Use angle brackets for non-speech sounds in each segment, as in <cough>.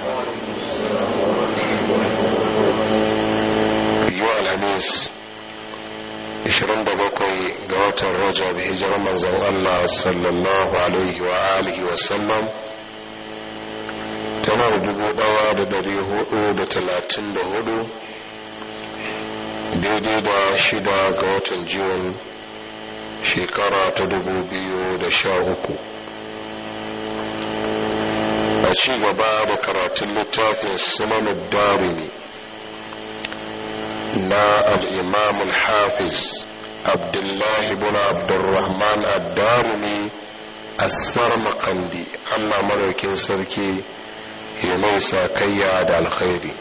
yau alhamis 27 ga watan rajab hijirar manzan Allah sallallahu alaihi wa alihi wa sallam tana da hudu daidai da shida ga watan jiwon shekara ta da sha uku. a ci gaba da karatun littafin sunanin darimi na al'imam al-hafiz abdullahi bin abdurrahman ad a asar makandi allah maraukin sarki ya mai sakayya da alkhairi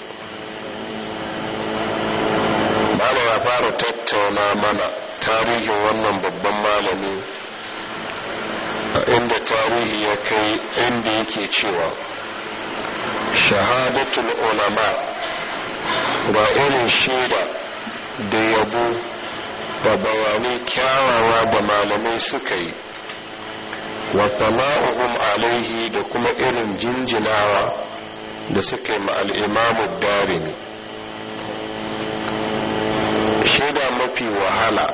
mana ya fara tattauna mana tarihin wannan babban malami inda tarihi ya kai inda yake cewa shahadatul ulama ba irin shaida da yabo da bayanai kyawawa da malamai suka yi wa tama'uhum alaihi da kuma irin jinjinawa da suka yi ma al'imamu darimi shaida mafi wahala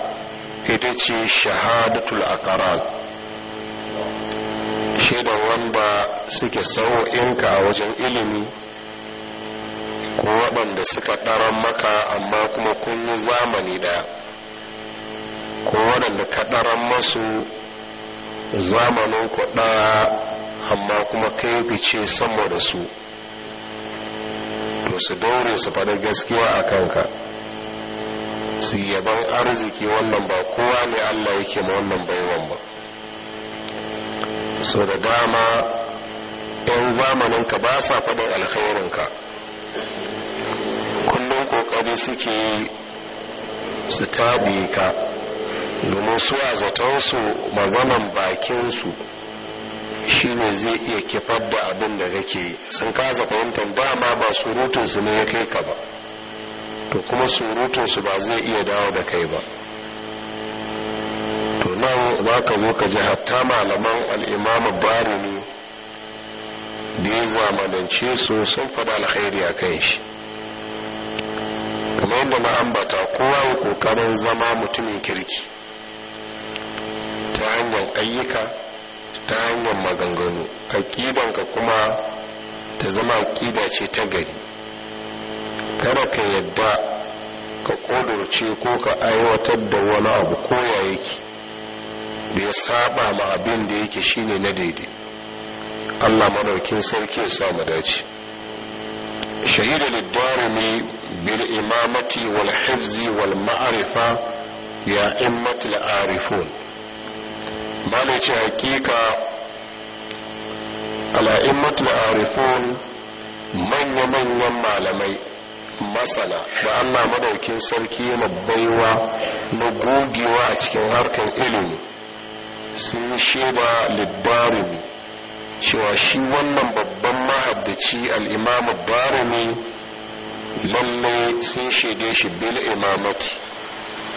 ita ce shahadatul akarar shaidan wanda suke sau'inka a wajen ilimi ko waɗanda suka ɗaran maka amma kuma kun yi zamani da ko waɗanda ka ɗaran masu zamanin ku amma kuma kai fice sama da su to su daure su faɗi gaskiya a kanka su yaban arziki wannan ba kowa ne allah yake ma wannan baiwan ba sau da dama yan zamaninka ba sa faɗin ka kullum ƙoƙari suke yi su taɓe ka domin su a zatonsu maganan bakinsu shi ne zai iya kifar da abin da kake yi sun kasa fahimtar dama ba surutunsu ne ya kai ka ba to kuma surutunsu ba zai iya dawo da kai ba nan za ka zo ka ji hatta malaman bari ne da ya zamanance su sun faɗa alkhairi a kan shi kuma yadda na ambata kowa ya kokarin zama mutumin kirki ta hanyar ayyuka ta hanyar maganganu a ƙidanka kuma ta zama aƙida ce ta gari kada ka yadda ka ƙudurce ko ka aiwatar da wani abu koya yake da ya saba ma abin da yake ne na daidai Allah maraukin sarki ya samu dace shahidan ad-darimi bil imamati wal hifzi wal ma'rifa ya immatul arifun bane ce hakika ala immatul arifun manya manyan malamai masana da Allah madaukin sarki ya mabbaiwa na gogewa a cikin harkar ilimi Sun sheba libarumi cewa shi wannan babban mahaddaci al'imamu barumi lallai sun shaide shi bil imamati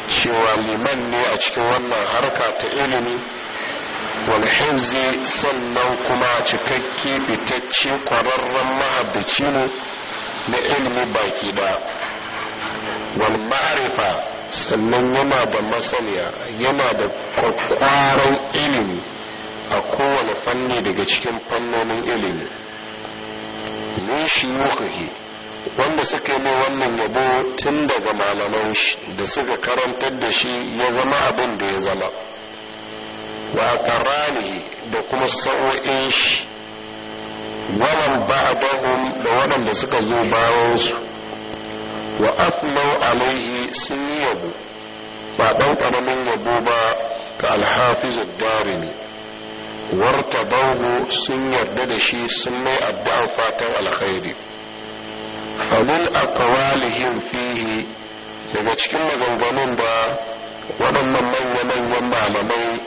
cewa liman ne a cikin wannan harka ta ilimi walhimzi sannan kuma cikakke fitacce kwararren mahaddaci ne na ilimi baki da wal ma'arifa sannan yana da masaniya yana da kwakwaran ilimi a kowane fanni daga cikin fannonin ilimi mun shi wanda suka yi wannan yabo tun daga malaman shi da suka karantar da shi ya zama abin da ya zama wa karani da kuma sa'o'in shi wannan ba'adahum da waɗanda suka zo bayan su wa afnau alaihi sun yi yabo ba ɗan ƙaramin yabo ba ga alhafizar darimi warta sun yarda da shi sun mai addu'an fatan alkhairi famin akawalihin fihi daga cikin maganganun ba waɗannan manya-manyan malamai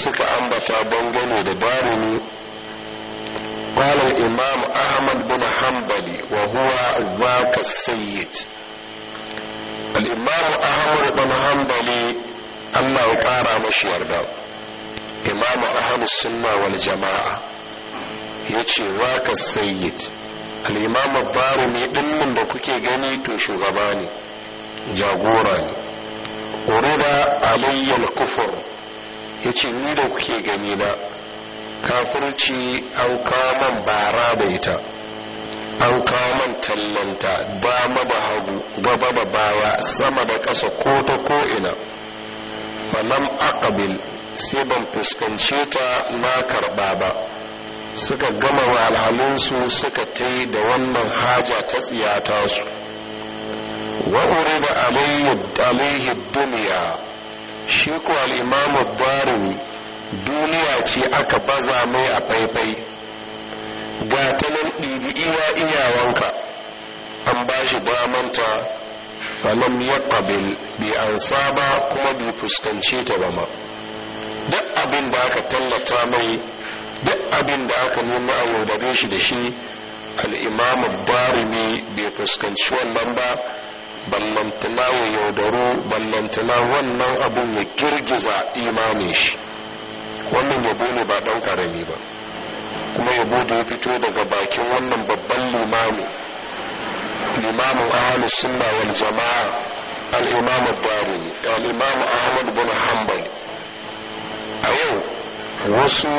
suka ambata bangane da darimi قال الإمام أحمد بن حنبل وهو ذاك السيد al'imamu ahmad bin hanbali allah ya ƙara mashi yarda imamu ahmad sunna wal jama'a ya ce waka sayyid al'imamu baro mai ɗinmin da kuke gani to shugaba ne jagora ne urida aliyyar kufur ya ce ni da kuke gani na kafirci an man bara da ita an kawo man tallanta dama ba hagu gaba ba baya sama da ƙasa ko ta ko'ina falam akabil sai ban fuskance ta na karɓa ba suka gama walhalinsu suka ta da wannan haja ta tsiyata su wa'uri da alaihi duniya shi ko al'imamu duniya ce aka baza mai a faifai ga ta nan ɗibi iwa iyawanka an ba shi bamanta falon ya ƙabil bi ansa ba kuma bi fuskance ta ba ma duk abin da aka tallata mai duk abin da aka nuna a yaudare shi da shi al'imamu ne bai fuskanci wannan ba ballantana wa yaudaro ballantana wannan abin ya girgiza imanin shi wannan ya ne ba ɗan ƙarami ba kuma yabo da ya fito daga bakin wannan babban limami limamin ahalus sunna wal jama'a al-imam ad-darimi ahmad bin hanbal a yau wasu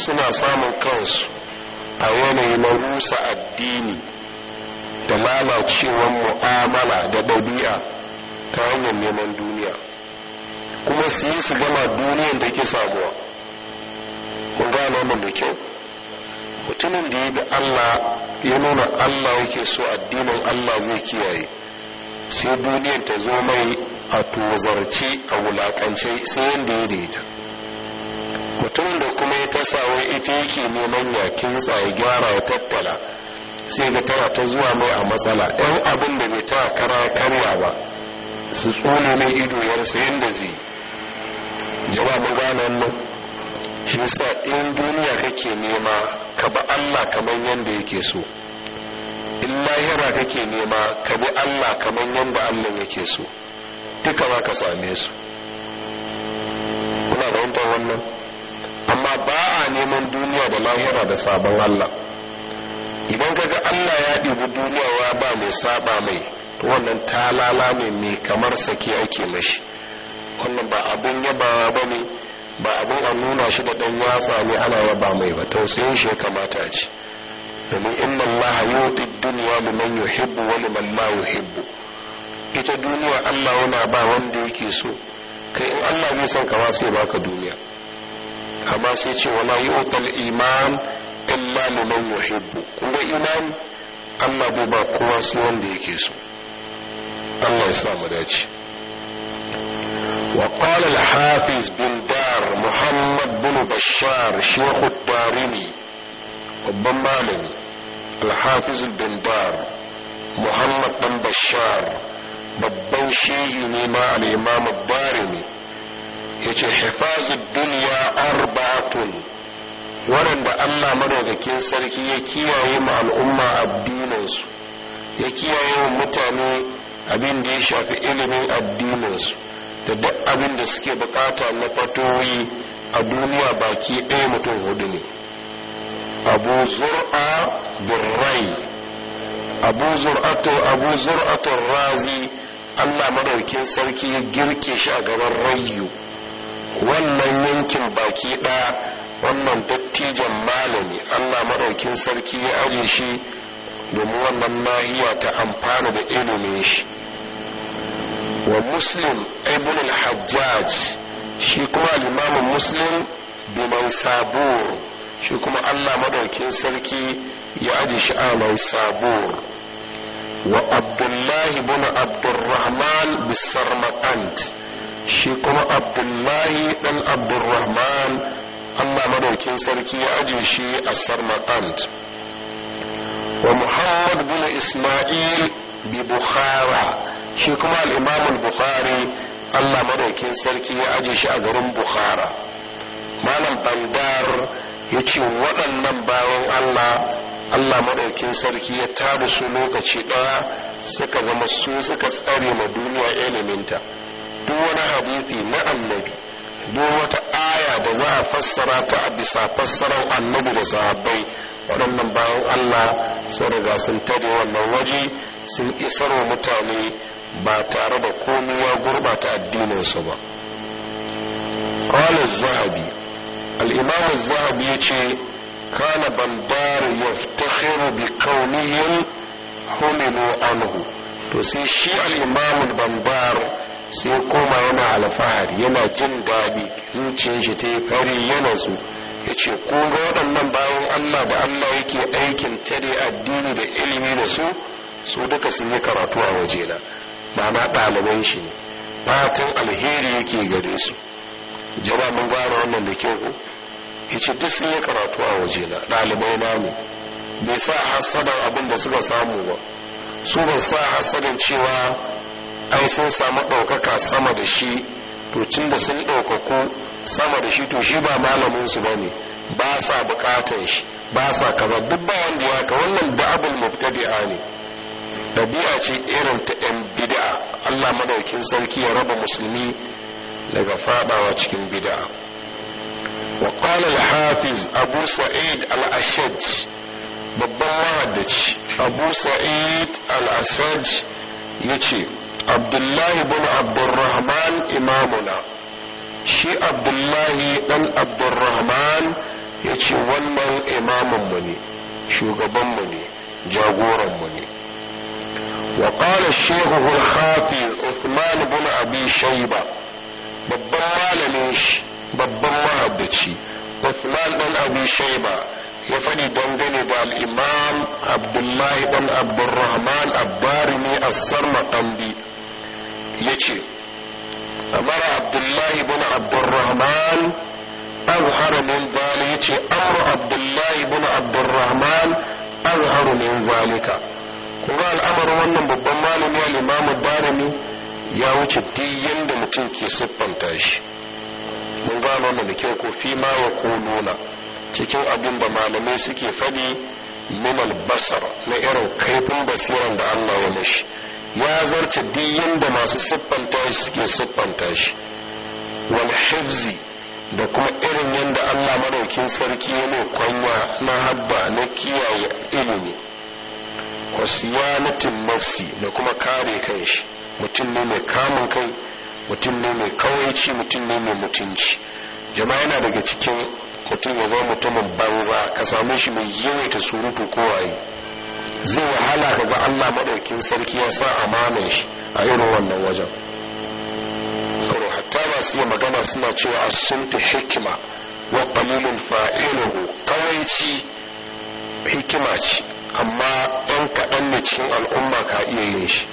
suna samun kansu a yanayi na rusa addini da lalacewar mu'amala da ɗabi'a ta hanyar neman duniya kuma su yi su gama duniyar da ke sabuwa. kun gane wannan da kyau mutumin da ya bi Allah ya nuna Allah yake so addinin Allah zai kiyaye sai duniyar ta zo mai a tozarci a wulakance sai yadda ya daita mutumin da kuma ya wai ita yake neman ya kintsa ya gyara ya tattala sai ga tara ta zuwa mai a matsala ɗan abin da bai ta kara karya ba su tsone mai ido yarsa yadda zai yawa mu nan shi yasa in duniya kake nema ka bi Allah kamar yadda yake so in lahira kake nema ka bi Allah kamar yadda Allah yake so duka ba ka same su kuna fahimtar wannan amma ba a neman duniya da lahira da sabon Allah idan kaga Allah ya ɗibi duniya wa ba mai saba mai to wannan talala ne mai kamar sake ake mashi wannan ba abun yabawa ba ne ba abin a nuna shi da ɗan yatsa ne ana yaba mai ba tausayin shi ya kamata ci domin inna allaha yudi dunya liman yuhibbu wa liman la yuhibbu ita duniya Allah yana ba wanda yake so kai in Allah bai san ka ba sai baka duniya amma sai ce wala yu'tal iman illa liman yuhibbu kuma iman Allah bai ba kowa sai wanda yake so Allah ya sa mu dace وقال الحافظ بن دار محمد بن بشار شيخ الدارمي babban malami alhafiz bin muhammad bin bashar babban shehi ne ma al'imam barimi ya ce hifazin duniya arba'atun waɗanda allah madaukakin sarki ya kiyaye ma al'umma addininsu ya kiyaye wa mutane abin da ya shafi ilimin addininsu da duk abin da suke bukata na fatoyi a duniya baki ɗaya mutum hudu ne abu zur'a birrai abu zur'ato abu zur'ato razi allah madaukin sarki ya girke shi a gaban rayu wannan yankin baki ɗaya wannan dattijan malami allah madaukin sarki ya aje shi domin wannan nahiya ta amfana da ilimin shi wa muslim ibn al-hajjaj shi kuma limamin muslim biman sabur shi kuma allah madaukin sarki ya aji shi a sabur wa abdullahi bin abdurrahman bisarmakant shi kuma abdullahi dan abdurrahman allah madaukin sarki ya aji shi a sarmakant wa muhammad bin ismail bi bukhara shi kuma al'imamun bukhari allah madaukin sarki ya aje shi a garin bukhara malam bandar ya ce waɗannan bayan allah allah madaukin sarki ya tabu su lokaci ɗaya suka zama su suka tsare ma duniya iliminta duk wani hadithi na annabi duk wata aya da za a fassara ta a bisa fassarar annabi da sahabbai waɗannan bayan allah sun riga sun tare wannan waje sun isar wa mutane ba tare da komai ya gurbata addininsu ba ƙwalar zahabi al'imamun zahabi ya ce kana bandar yaftakhiru bi kauniyin hominu anhu to sai shi al'imamun bandar sai koma yana alfahar yana jin daɗi zuciyar shi ta yi fari yana su ya ce ga waɗannan bayan allah da allah yake aikin tare addini da ilimi da su su duka sun yi karatu a wajena ma'ana ɗaliban shi ne fatan alheri yake gare su jama mun gwara wannan da kyau ku. ce duk sun yi karatu a waje na ɗalibai na ne bai sa hasadar abin da suka samu ba su ban sa hasadar cewa ai sun samu ɗaukaka sama da shi to tun da sun ɗaukaku sama da shi to shi ba malamin su ne ba sa buƙatan shi ba sa kaza duk ba wanda ya ka wannan da abul mubtadi'a ne ɗabi'a ce irin ta 'yan bid'a allah madaukin sarki ya raba musulmi daga fadawa cikin bid'a wa qala hafiz abu sa'id al-ashaj babban mahaddaci abu sa'id al ya yace abdullahi bin abdurrahman imamuna shi abdullahi dan abdurrahman yace wannan imamanmu ne shugabanmu ne jagoranmu ne وقال الشيخ في الخاطي عثمان بن ابي شيبه ببن مالميش ببن مهبتشي عثمان بن ابي شيبه يفني دندني الامام عبد الله بن عبد الرحمن الدارمي الصرمقندي يجي امر عبد الله بن عبد الرحمن اظهر من ذلك امر عبد الله بن عبد الرحمن أظهر من ذلك kuma al'amarin wannan babban malami al'imamu darimi ya wuce duk yadda mutum ke siffanta shi mun gano wannan da kyau ko fi ma wa nuna cikin abin ba malamai suke faɗi min albasar na irin kaifin basiran da Allah ya mashi ya zarce duk yadda masu siffanta shi suke siffanta shi wal hifzi da kuma irin yadda Allah madaukin sarki ya ne kwanya na habba na kiyaye ilimi wa siyanatin nafsi da kuma kare kai shi mutum ne mai kamun kai mutum ne mai kawaici mutum ne mai mutunci jama'a yana daga cikin mutum ya zama mutumin banza ka same shi mai yawaita surutu ko zai wahala ka ga Allah madaukin sarki ya sa amanar shi a irin wannan wajen saboda hatta masu yi magana suna cewa a sun fi hikima wa qalilun fa'iluhu kawaici hikima ce amma ɗan kaɗan ne cikin al'umma ka iya yin shi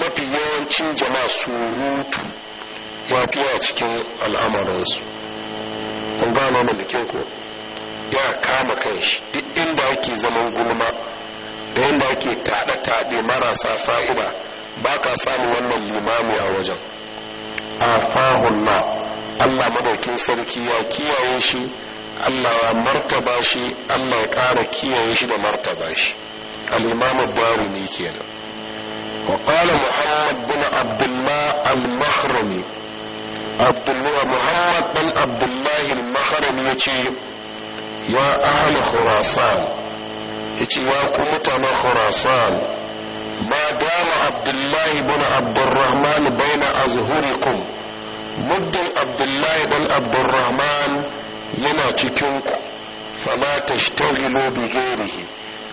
mafi yawancin jama'a surutu ya fi yawa cikin al'amarinsu kun gano mu da ko ya kama kan shi duk inda ake zaman gulma da inda ake taɗe-taɗe marasa fa'ida ba ka sami wannan limami a wajen a fahunna allah madaukin sarki ya kiyaye shi Allah ya martaba shi Allah ya ƙara kiyaye shi da martaba shi al-imam ne kenan wa qala muhammad bin abdullah al-mahrami abdullah muhammad bin abdullah al-mahrami yace ya ahli khurasan yace wa ku mutanen khurasan ma dama abdullah bin abdurrahman baina azhurikum muddin abdullah bin abdurrahman yana cikin ku fama tashtaghilu bi ghairihi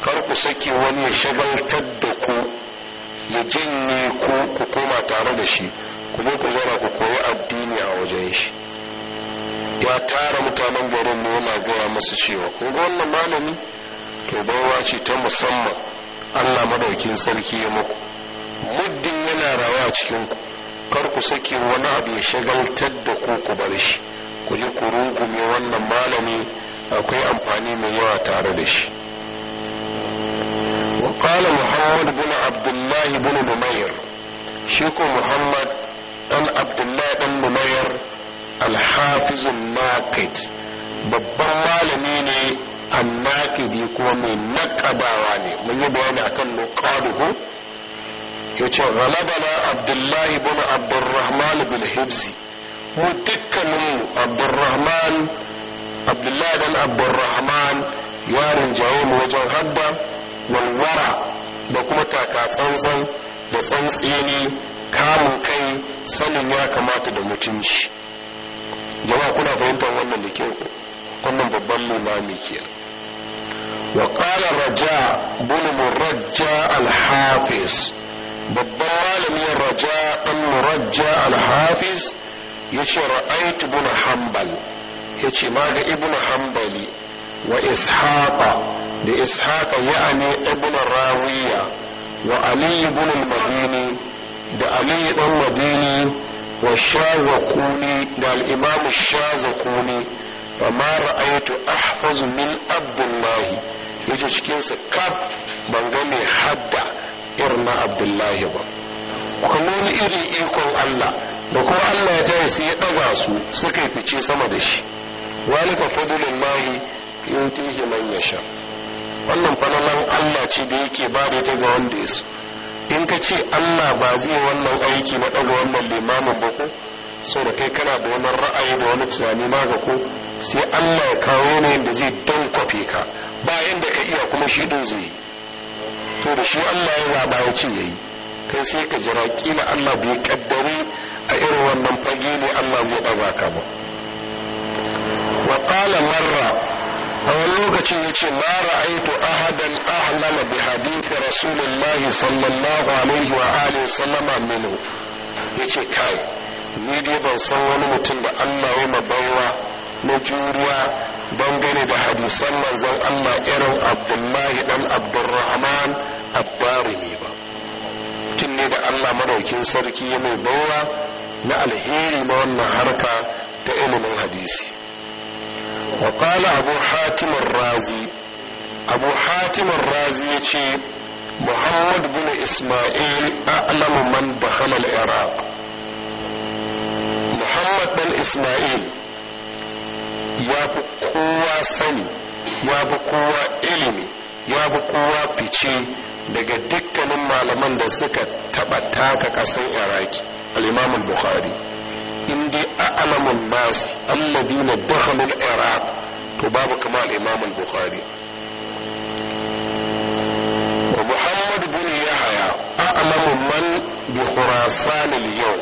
kar ku saki wani ya shagaltar da ku ya janye ku ku koma tare da shi ku zo ku zauna ku koyi addini a wajen shi ya tara mutanen garin ne yana gaya masu cewa ko wannan malami to bawa ce ta musamman Allah madaukin sarki ya muku muddin yana rawa cikin ku kar ku saki wani abu ya shagaltar da ku ku bar shi ku je ku wannan malami akwai amfani mai yawa tare da shi wa qala muhammad bin Abdullahi bin numayr shi ko muhammad dan Abdullahi dan numayr al naqid babban malami ne annakidi kuma mai nakabawa ne mun yi bayani akan nuqaduhu yace ghalabana Abdullahi bin abdurrahman bin hibzi mu dukkaninmu abdurrahman abdullahi dan abdurrahman yarin jawo mu wajen hadda walwara da kuma taka tsantsan da tsantseni kamun kai sanin ya kamata da mutunci jama'a kuna fahimtar wannan da ke wannan babban Raja kenan وقال رجاء بن babban الحافظ Raja من رجاء مرجى الحافظ ya ce ra'aitu ibn hanbal ya ce ma ga ibn hanbali wa ishaqa da ishaqa ya'ani ibn rawiya wa ali ibn al-madini da ali ibn madini wa shawakuni da al-imam shazakuni fama ra'aitu ahfazu min abdullahi yace cikinsa kaf ban ga mai hadda irin na abdullahi ba kuma wani iri ikon allah da kuma Allah ya tare su ya ɗaga su suka fice sama da shi wani ka fadulin mahi yutihi man sha wannan fananan Allah ce da yake ba da ta ga wanda ya so in ka ce Allah ba zai wannan aiki na ɗaga wannan limamin ba ko da kai kana da wani ra'ayi da wani tunani ma ga ko sai Allah ya kawo ne da zai don kwafe ka bayan da ka iya kuma shi ɗin zai to da shi Allah ya zaba ya ce yayi kai sai ka jira kila Allah bai kaddare a irin wannan fage ne Allah zai ba ka ba wa qala marra a wani lokacin ce ma ra'aitu ahadan ahlama bi hadithi rasulullahi sallallahu alaihi wa alihi sallama minhu yace kai ni dai ban san wani mutum da Allah ya mabawa na juriya gane da hadisan manzon Allah irin Abdullahi dan Abdurrahman Abdarimi ba mutum ne da Allah madaukin sarki ya mai bawa na alheri ma wannan harka ta ilimin hadisi wa kala abu hatim razi abu hatim razi ce muhammad bin isma'il a'lamu man bahamal iraq muhammad bin isma'il ya fi kowa sani ya fi kowa ilimi ya fi kowa fice daga dukkanin malaman da suka taɓa taka ƙasar iraki al-imam al-bukhari in dai a'lamun nas alladhina dakhalu al-iraq to babu kama al-imam al-bukhari wa muhammad bin yahya a'lamu man bi khurasan al-yawm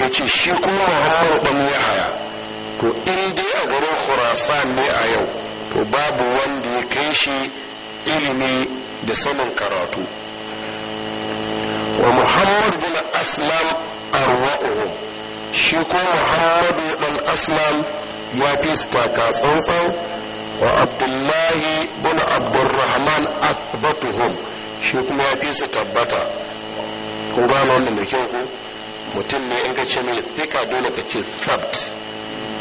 yace shi kuma muhammad bin yahya to in dai a garin khurasan ne a yau to babu wanda ya kai shi ilimi da sanin karatu wa muhammad bin aslam arwa'uhum shi ko muhammadu dan aslam ya fi su taka tsantsan wa abdullahi bin abdurrahman athbatuhum shi kuma ya fi su tabbata ko gano wannan da kyau ko mutum ne in ka ce mai tsika dole ka ce thabt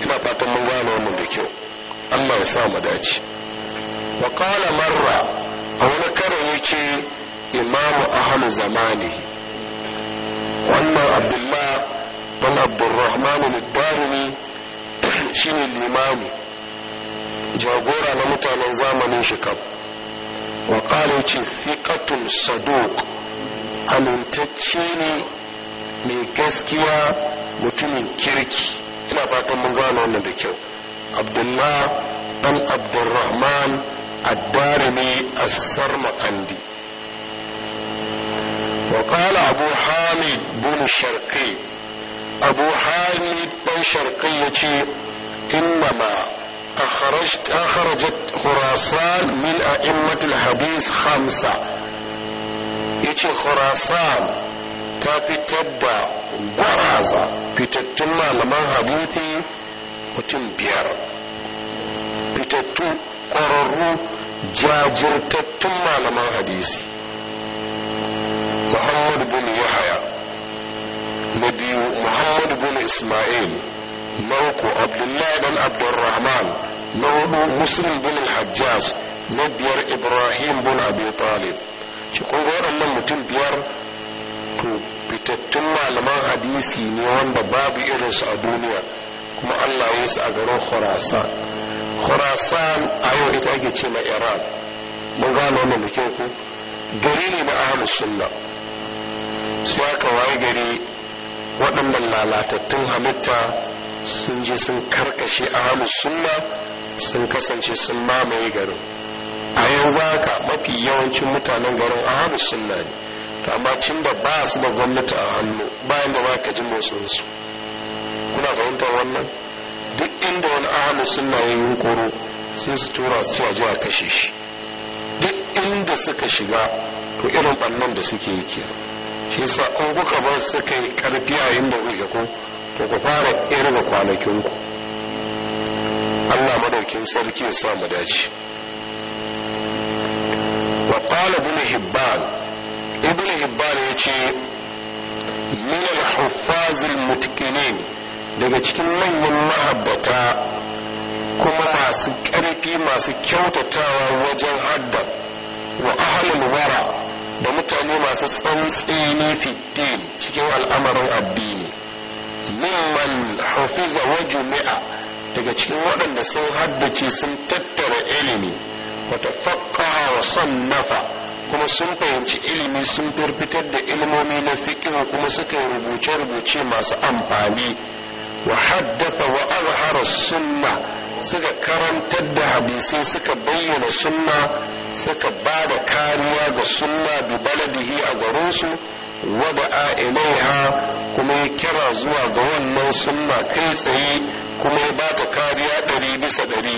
ina fatan mun gano wannan da kyau Allah ya sa mu dace wa qala marra a wani karin yake imamu ahlu zamanihi wannan abdullah dan abdurrahman al-darimi <coughs> shine limami jagora na mutanen zamanin shi kam wa qala ce saduq amintacce ne mai gaskiya mutumin kirki ina fatan mun gano wannan da kyau abdullah dan abdurrahman ad-darimi as-sarmaqandi وقال أبو حامد بن الشرقي أبو حامد بن شرقي إنما أخرجت أخرجت خراسان من أئمة الحديث خمسة يجي خراسان ta fitar da gwaraza fitattun malaman hadithi mutum biyar fitattu ƙwararru jajirtattun malaman hadisi muhammad bin yahaya muhammad bin isma'il na uku abdullahi bin abdurrahman na hudu muslim bin hajjaz na biyar ibrahim bin abi talib cikin waɗannan mutum biyar to fitattun malaman hadisi ne wanda babu irinsu a duniya kuma allah ya su a garin khurasan khurasan a yau ita ake ce na iran mun gano wannan da ku gari ne na ahlus sunna sai aka waye gari waɗannan lalatattun halitta sun je sun karkashe ahalus sunna sun kasance sun mamaye garin a yanzu haka mafi yawancin mutanen garin ahalus sunna ne to amma cin da ba su da gwamnati a hannu bayan da ba ka ji motsinsu kuna fahimtar wannan duk inda wani ahalus sunna ya yi koro sai su tura su cewa zuwa kashe shi duk inda suka shiga to irin ɓannan da suke yi shi sa in kuka bar su kai karfi a inda kuke ku, to ku fara irga kwanakin ku Allah madaukin sarki ya sa mu dace wa qala ibn hibban ibn hibban yace min al-huffaz al-mutqinin daga cikin manyan mahabbata kuma masu ƙarfi masu kyautatawa wajen hadda wa ahlul wara da mutane masu tsantsini fitin cikin al'amarin addini mimman hafiza wa jumi'a daga cikin waɗanda sun haddace sun tattara ilimi wata faƙa wa nafa kuma sun fahimci ilimi sun firfitar da ilimomi na fikin kuma suka yi rubuce-rubuce masu amfani wa haddafa wa azhara sunna suka karantar da hadisai suka bayyana sunna suka ba da kariya ga sunna bi baladihi a garinsu da Ailaiha kuma ya kira zuwa ga wannan sunna kai tsaye kuma ya ba ta kariya ɗari bisa ɗari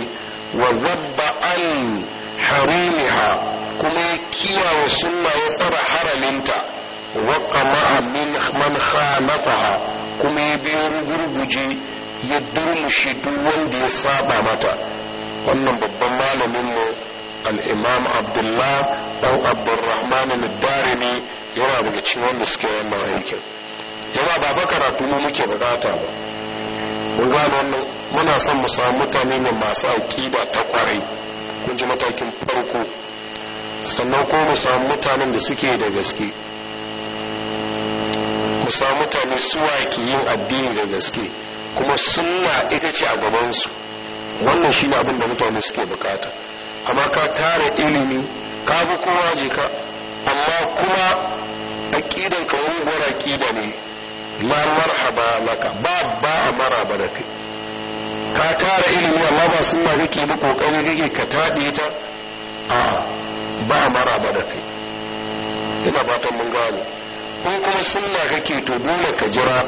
wa zabba an harimiha kuma ya kiyaye sunna ya tsara haraminta wa kama min man khalataha kuma ya biyo gurguje ya durmushi duk wanda ya saba mata wannan babban malamin mu al'imam abdullah ɗan abdurrahman al-darimi yana daga cikin wanda suke wannan aikin yana ba ba karatu mu muke bukata ba mun gano wannan muna son mu samu mutane ne masu aƙida ta kwarai kun ji matakin farko sannan ko mu samu mutanen da suke da gaske mu samu mutane suwa ke yin addini da gaske kuma sunna ita ce a gabansu wannan shi ne abin da mutane suke bukata amma ka tara ilimi ka bi kowa jika amma kuma ƙidan ka muguwar ƙida ne la marhaba laka ba ba a mara ba da kai ka tara ilimi amma ba ma kake ba kokarin kake ka taɗe ta a ba a ba da kai ina fatan mun gano in kuma sunna kake to dole ka jira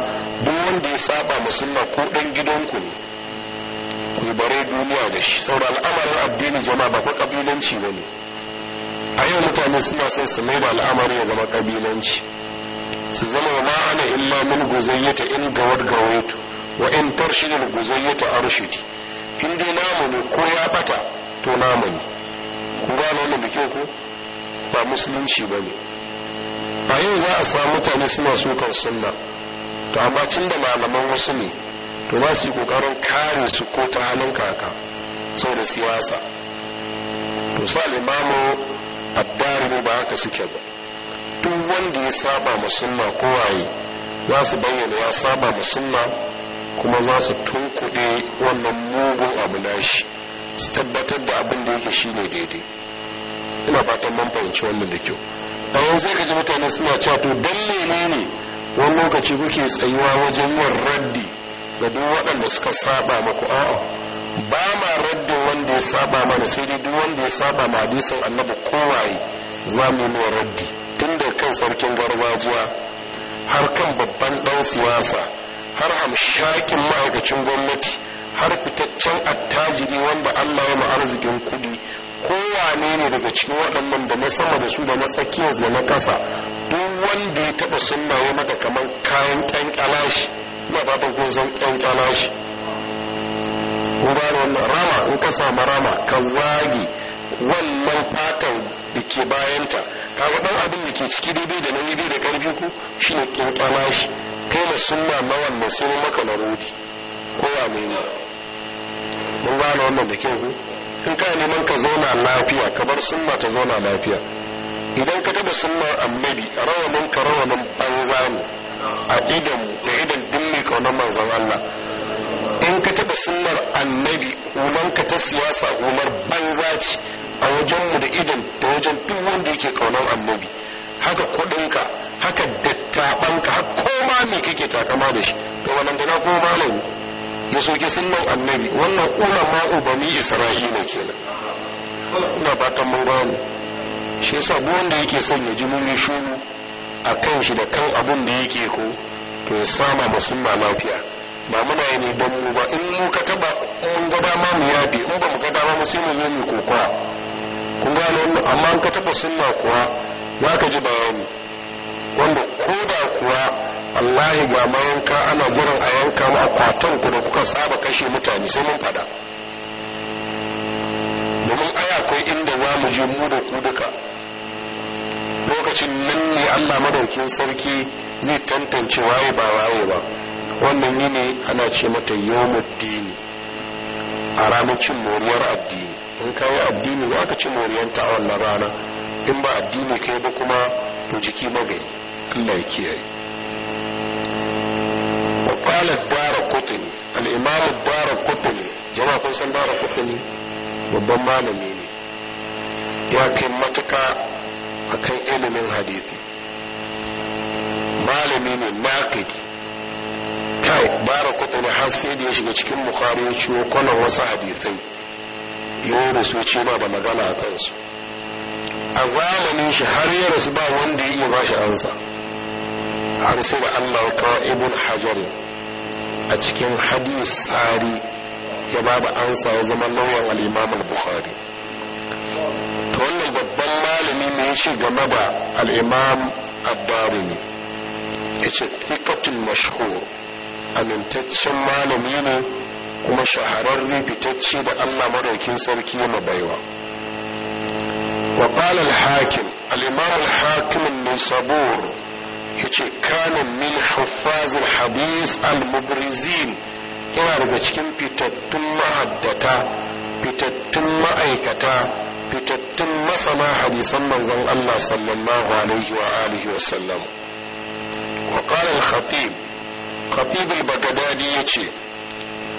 duk wanda ya saba musulma ko ɗan gidanku ne gobare duniya da shi saboda al'amarin addinin jama'a ba kwa kabilanci ba ne a yau mutane suna sai su mai da al'amarin ya zama kabilanci su zama ma'ana ana illa min guzayyata in gawar gawaitu wa in tarshidul guzayyata arshidi in dai namu ne ko ya bata to namu ne ku gano da kyau ko ba musulunci ba ne a yau za a samu mutane suna sukan sunna to amma da malaman wasu ne to ba su yi kokarin kare su ko ta halin kaka sau da siyasa to sa limamu addarimu ba haka suke ba duk wanda ya saba ma kowaye ko za su bayyana ya saba ma kuma za su tunkuɗe wannan mugun abu nashi su tabbatar da abin da yake shine daidai ina fatan man fahimci wannan da kyau a yanzu zai gaji mutane suna cewa to dan ne wani lokaci kuke tsayuwa wajen yin raddi ga duk waɗanda suka saba ma a'a ba ma raddin wanda ya saba mana sai dai duk wanda ya saba ma hadisin annabi kowaye za mu yi raddi tun da kan sarkin gargajiya har kan babban ɗan siyasa har hamshakin ma'aikacin gwamnati har fitaccen attajiri wanda allah ya arzikin kuɗi kowane ne daga cikin waɗannan da na sama da su da na tsakiyar da na ƙasa duk wanda ya taɓa sunna ya mata kamar kayan ƙyan ƙalashi ba ta kun san ɗan kyana shi kun gane wannan rama in ka samu rama ka zagi wannan fatan da ke bayanta kaga ɗan abin da ke ciki dai da nauyi da ƙarfi ku shi ne ƙin shi kai na suna na wannan sun maka na rudi ko ya mai mun gane wannan da kyau ku in ka neman ka zauna lafiya ka bar suna ta zauna lafiya idan ka taba sunnar annabi rawanin ka rawanin banza ne a idan da idan kake kaunar manzan Allah in ka taɓa sunar annabi ka ta siyasa umar banza ce a wajenmu da idan da wajen duk wanda yake kaunar annabi haka kuɗinka haka dattaɓanka haka koma me kake takama da shi to wannan dana koma ne ya soke sunar annabi wannan ulama ubami isra'ila kenan ina fatan mun gano shi yasa duk wanda yake son ya ji mun shuru a kan shi da kan abin da yake ko to sama musulma lafiya ba muna yi ne don mu ba in mu ka taba mun gaba ma mu yabe in ba mu gaba ma mu sai mu nemi kokowa kun gane wannan amma in ka taba sunna kuwa za ka ji bayani wanda ko da kuwa wallahi ga mayanka ana jiran a yanka mu a ku da kuka saba kashe mutane sai mun fada domin ai akwai inda za mu je mu da ku duka lokacin nan ne Allah madaukin sarki zai tantance waye ba waye ba wannan ne ana ce mata yawmuddini a ranar cin moriyar addini in ka yi addini ba ka ci moriyanta a wannan rana in ba addini kai ba kuma to jiki magani Allah ya kiyaye wa dara kotuni al dara kotuni jama kun san dara kotuni babban malami ne ya kai matuka akan ilimin hadisi malami ne naqid kai bara kutu na har sai da ya shiga cikin bukhari ya ciwo kwanan wasu hadisai yau da su ce ba ba magana a kansu a zamanin shi har ya rasu ba wanda ya iya ba shi ansa har sai da allah ta ibn hajar a cikin hadis sari ya ba ba ansa ya zama lauyan al'imam al-bukhari ta wannan babban malami ne ya shiga da imam abaru ne ya ce hikatun mashhur amintaccen malami ne kuma shahararri fitacce da allah maraukin sarki yana baiwa وقال الحاكم الإمام الحاكم النيسابور yace kana min huffazil habis al-mubrizin yana daga cikin fitattun ma'addata fitattun ma'aikata fitattun masana hadisan manzon Allah sallallahu alaihi wa alihi wa sallam وقال الخطيب خطيب البغدادي يتي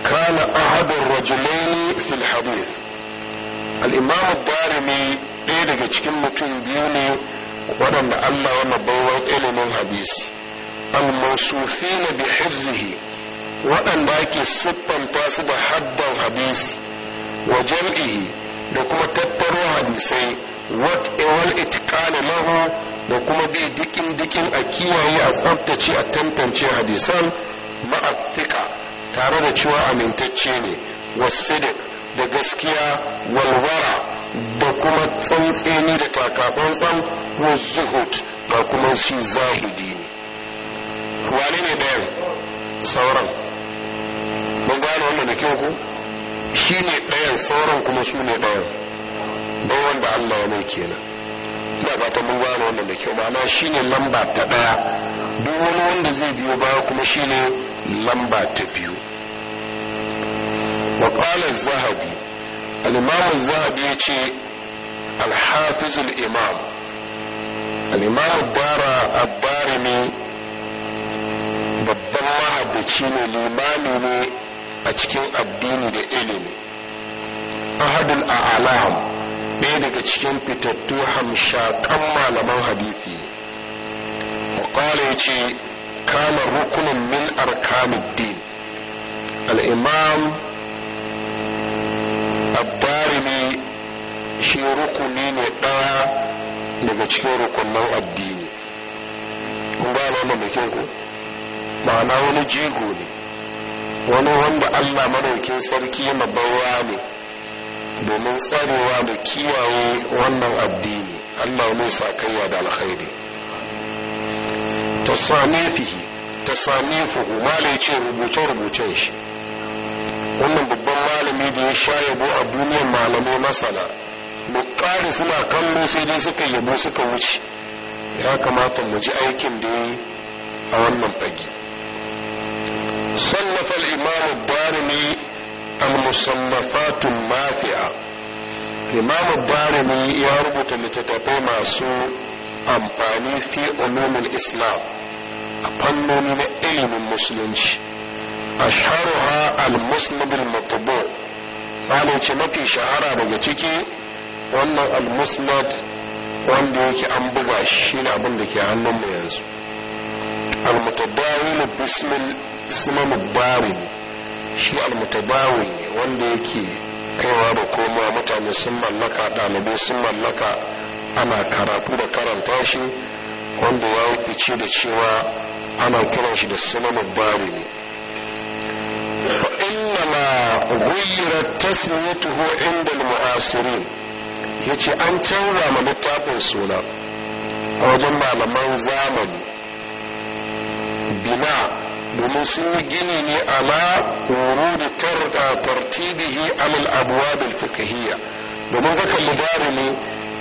كان أحد الرجلين في الحديث الإمام الدارمي ɗaya daga cikin mutum biyu ne waɗanda Allah wa mabawar ilimin hadisi al-mausufi na bi hifzihi waɗanda ake siffanta su da haddan hadisi wa jam'ihi da kuma tattaro hadisai wat wal itqana lahu da kuma bi dikin dikin a kiwaye a tsabtace a tantance hadisan ma'afika tare da cewa amintacce ne wasu da gaskiya walwara da kuma tsantseni da takafan tsan wasu zuhud da kuma shi zahidi ne wane ne ɗayan sauran mun gane wanda da kyau ku shi ne ɗayan sauran kuma su ne ɗayan bayan wanda allah ya mai kenan ina fatan mun gano wannan da kyau shi ne lamba ta ɗaya duk wani wanda zai biyo ba kuma shi ne lamba ta biyu wa zahabi al zahabi yace al-hafiz al-imam al-imam bara ne babban mahaddaci ne limami ne a cikin addini da ilimi ahadul a'lam ɗaya daga cikin fitattu kan malaman hadisi waƙala ya ce kama rukunin min arkanuddin al'imam abdarimi shi rukuni ne ɗaya daga cikin rukunan addini kun ba wannan da ku ma'ana wani jigo ne wani wanda allah madaukin sarki mabawa ne domin tsarewa da kiyaye wannan addini allah ne sa kaiwa da alkhairi ta same fihi ta same fuhu malai ce rubuce-rubucen shi wannan babban malami da ya sha yabo a duniyar malamai masana bukari suna kallo sai dai suka yabo suka wuce ya kamata mu ji aikin da yi a wannan fage sallafal Bari ne. al-musannafatun mafi'a imam darimi ya rubuta littattafai masu amfani fi umumin islam a fannoni na ilimin musulunci ashharuha al-musnad al-matbu ce mafi shahara daga ciki wannan al-musnad wanda yake an buga shi ne abin da ke hannun mu yanzu al-mutadawil bismil sunan darimi shi almutabawi wanda yake kaiwa da koma mutane sun mallaka ɗalibai sun mallaka ana karatu da karanta shi wanda ya fice da cewa ana kiran shi da sunanin bari ne ghayyara tasmiyatuhu inda al-mu'asirin yace an canza ma littafin suna a wajen malaman zamani bina domin sun yi gini ne ala wurudi tarda tartibihi alal abwab domin ka kalli ne.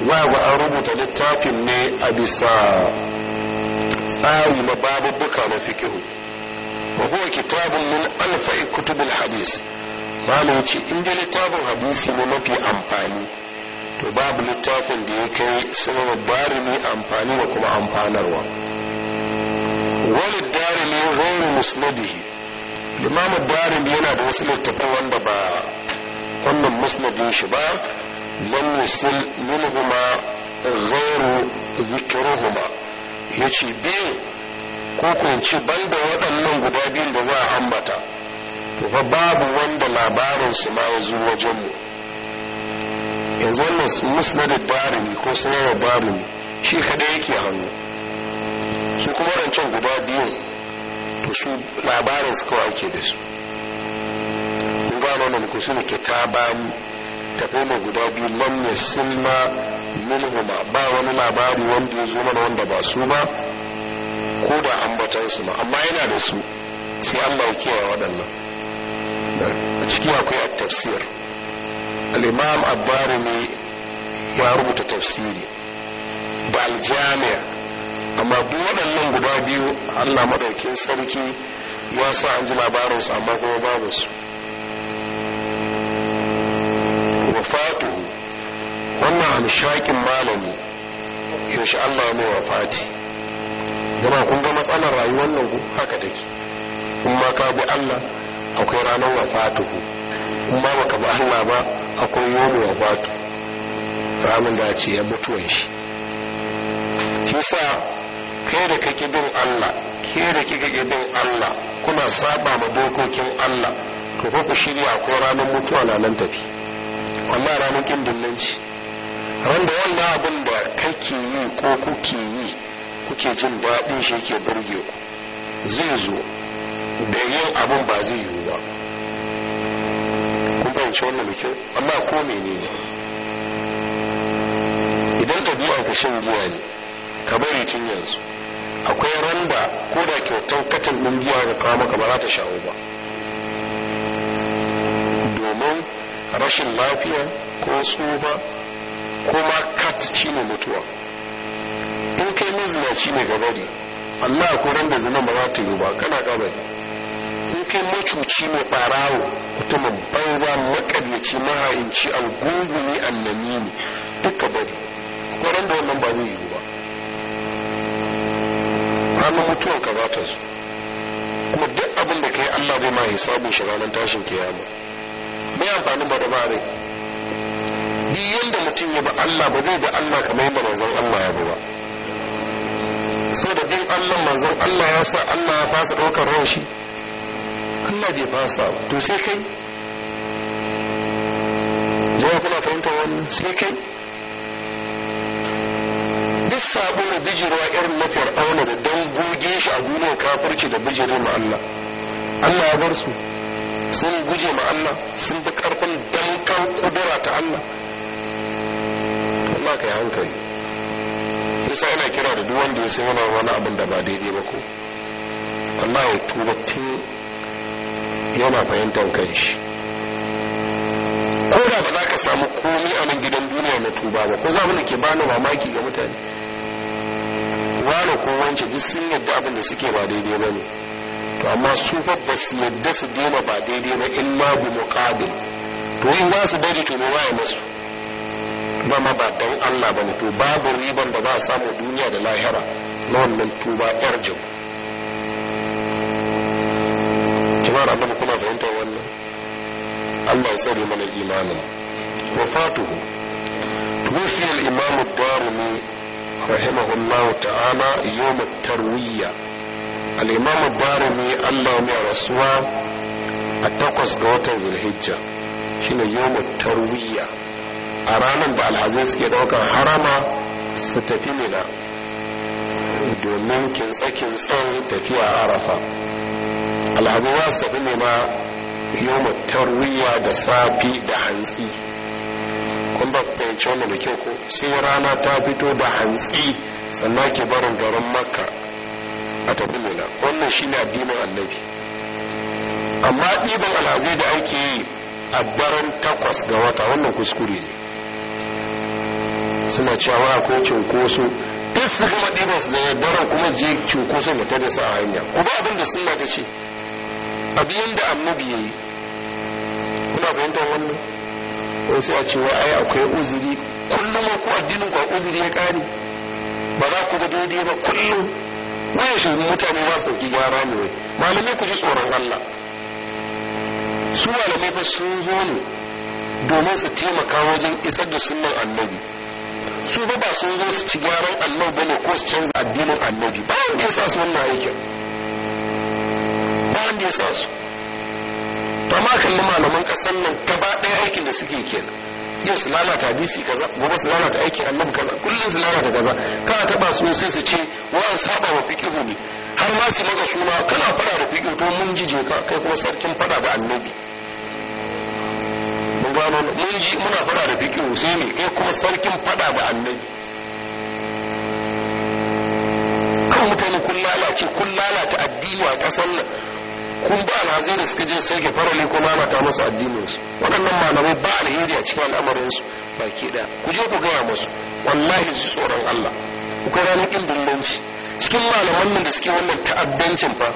za ga an rubuta littafin ne a bisa tsari na babubuka na fikihu wa huwa kitabun min alfa'i kutubul hadis malam ce in da littafin hadisi ne mafi amfani to babu littafin da ya kai sanar barimi amfani da kuma amfanarwa wani ne wani musnadihi limamu ne yana da wasu littafi wanda ba wannan musnadin shi ba lam yusil minhuma ghairu zikruhuma yace bi ko ko ban banda waɗannan guda biyun da za a ambata to fa babu wanda labarin su ma ya wajen mu yanzu wannan musnadin darimi ko sunan darimi shi kada yake hannu su kuma rancen guda biyun to su labarin su kawai ake da su ba mana ku suna kitaban tafi mu guda biyu lam yasimma minhuma ba wani labari wanda ya zo mana wanda ba su ba ko da ambatan su ma amma yana da su sai an ba kiyaye waɗannan a ciki akwai a tafsir alimam imam ne ya rubuta tafsiri ba aljami'a amma duk waɗannan guda biyu allah maɗaukin sarki ya sa an ji labarinsu amma kuma babu su wafatu wannan alshakin malami yaushe allah ya mai wafati gama kun ga matsalar rayuwar nan haka take kuma ka bi allah akwai ranar wafatuhu kuma baka bi allah ba akwai yomi wafatu ramin da ce ya mutuwan shi shi sa kai da kake bin Allah ke da kika ke bin Allah kuna saba ma dokokin Allah to fa ku shirya ko ranar mutuwa na nan tafi wannan ranar kin dillanci ran da wannan abin da kake yi ko kuke yi kuke jin daɗin shi yake burge ku zai zo da yin abin ba zai yiwu ba kun fahimci wannan da kyau amma ko menene idan ɗabi'a ku shan giya ne ka bari tun yanzu akwai randa ko da kyautar katin ɗin giya ga kawo maka ba za ta shawo ba domin rashin lafiya ko tsufa ko ma kat ne mutuwa in kai mazinaci ne gabari Allah ko randa zina ba za ta yi ba kana gabari in kai macuci ne ɓarawo mutumin banza makaryaci mahayinci algungumi annami ne duka bari ko randa wannan ba zai yi ba ranar mutuwan ka za ta zo kuma duk abin da ka yi allah bai ma hisabu shi ranar tashin kiyama mai amfanin ba da ba rai duk yadda mutum ya ba allah ba zai ba allah kamar yadda manzon allah ya ba sau da bin allah manzon allah ya sa allah ya fasa ɗaukar ran shi allah bai fasa ba to sai kai yawa kuna fahimtar wani sai kai bijirwa irin na fir'auna da dan goge shi a duniyar kafirci da bijire ma Allah Allah ya bar su sun guje ma Allah sun bi karfin dankan kudura ta Allah Allah ka yi hankali yasa ina kira da duk wanda ya san yana wani abin da ba daidai ba ko Allah ya tuba tun yana fahimtar kan shi ko da ba za ka samu komi a nan gidan duniya na tuba ba ko za mu da ke bani mamaki ga mutane wane kowance duk sun yadda abin da suke ba daidai ba ne to amma su babba su yadda su ba daidai ba in ma bu muqabil to in za su bari to ba ya masu ba ma ba dan Allah ba ne to babu riban da ba a samu duniya da lahira na wannan tuba yar jau jama'ar annabi kuna fahimtar wannan Allah ya sare mana imanin wafatuhu tuwfiyal imamu darimi رحمه الله تعالى يوم التروية الإمام الدارمي الله من رسوله التوقس قوتا ذي الهجة شنو يوم التروية أرانا بعد العزيز كده وكان حرما ستفيننا domin kintsa-kintsan tafiya arafa alhazuwa sabi ne ma yau tarwiya da safi da hantsi abin ba fahimci wanda da kyau ko sai rana ta fito da hantsi sannan ke barin garin maka a tafi mina wannan shi shine addinin annabi amma ɗiban alhazai da ake yi a daren takwas ga wata wannan kuskure ne suna cewa akwai cinkoso duk su kuma ɗibas da ya kuma zai je cunkoso da ta da sa a hanya ku ba abin da sun ta ce abin da annabi ya yi kuna fahimtar wannan wai sai a ce wa ai akwai uzuri kullum ko addinin ku uzuri ya kare ba za ku ga daidai ba kullum wai mutane ba su dauki gyara ne wai malamai ku ji tsoron Allah su malamai fa sun zo ne domin su taimaka wajen isar da sunnan annabi su ba ba sun zo su ci gyaran Allah bane ko su canza addinin annabi ba wanda ya sa su wannan aikin ba wanda ya sa su ba ma kalli malaman ƙasar nan gaba ɗaya aikin da suke kenan yau su lalata hadisi kaza gobe su lalata aikin annabi kaza kullum su lalata kaza kana taba su sai su ce wa saba wa fiqhu ne har ma su maka suna kana fada da fiqhu to mun ji je ka kai kuma sarkin fada da annabi mun gano mun ji muna fada da fiqhu sai ne kai kuma sarkin fada da annabi kan mutane kun lalace kun lalata addini a ƙasar nan kun ba alhazai da suka je sauke farali ko masu musu addininsu waɗannan malamai ba alheri a cikin al'amarinsu baki ɗaya ku je ku gaya masu wallahi su tsoron Allah ku kai ranar ƙin dillanci cikin malaman nan da suke wannan ta'addancin fa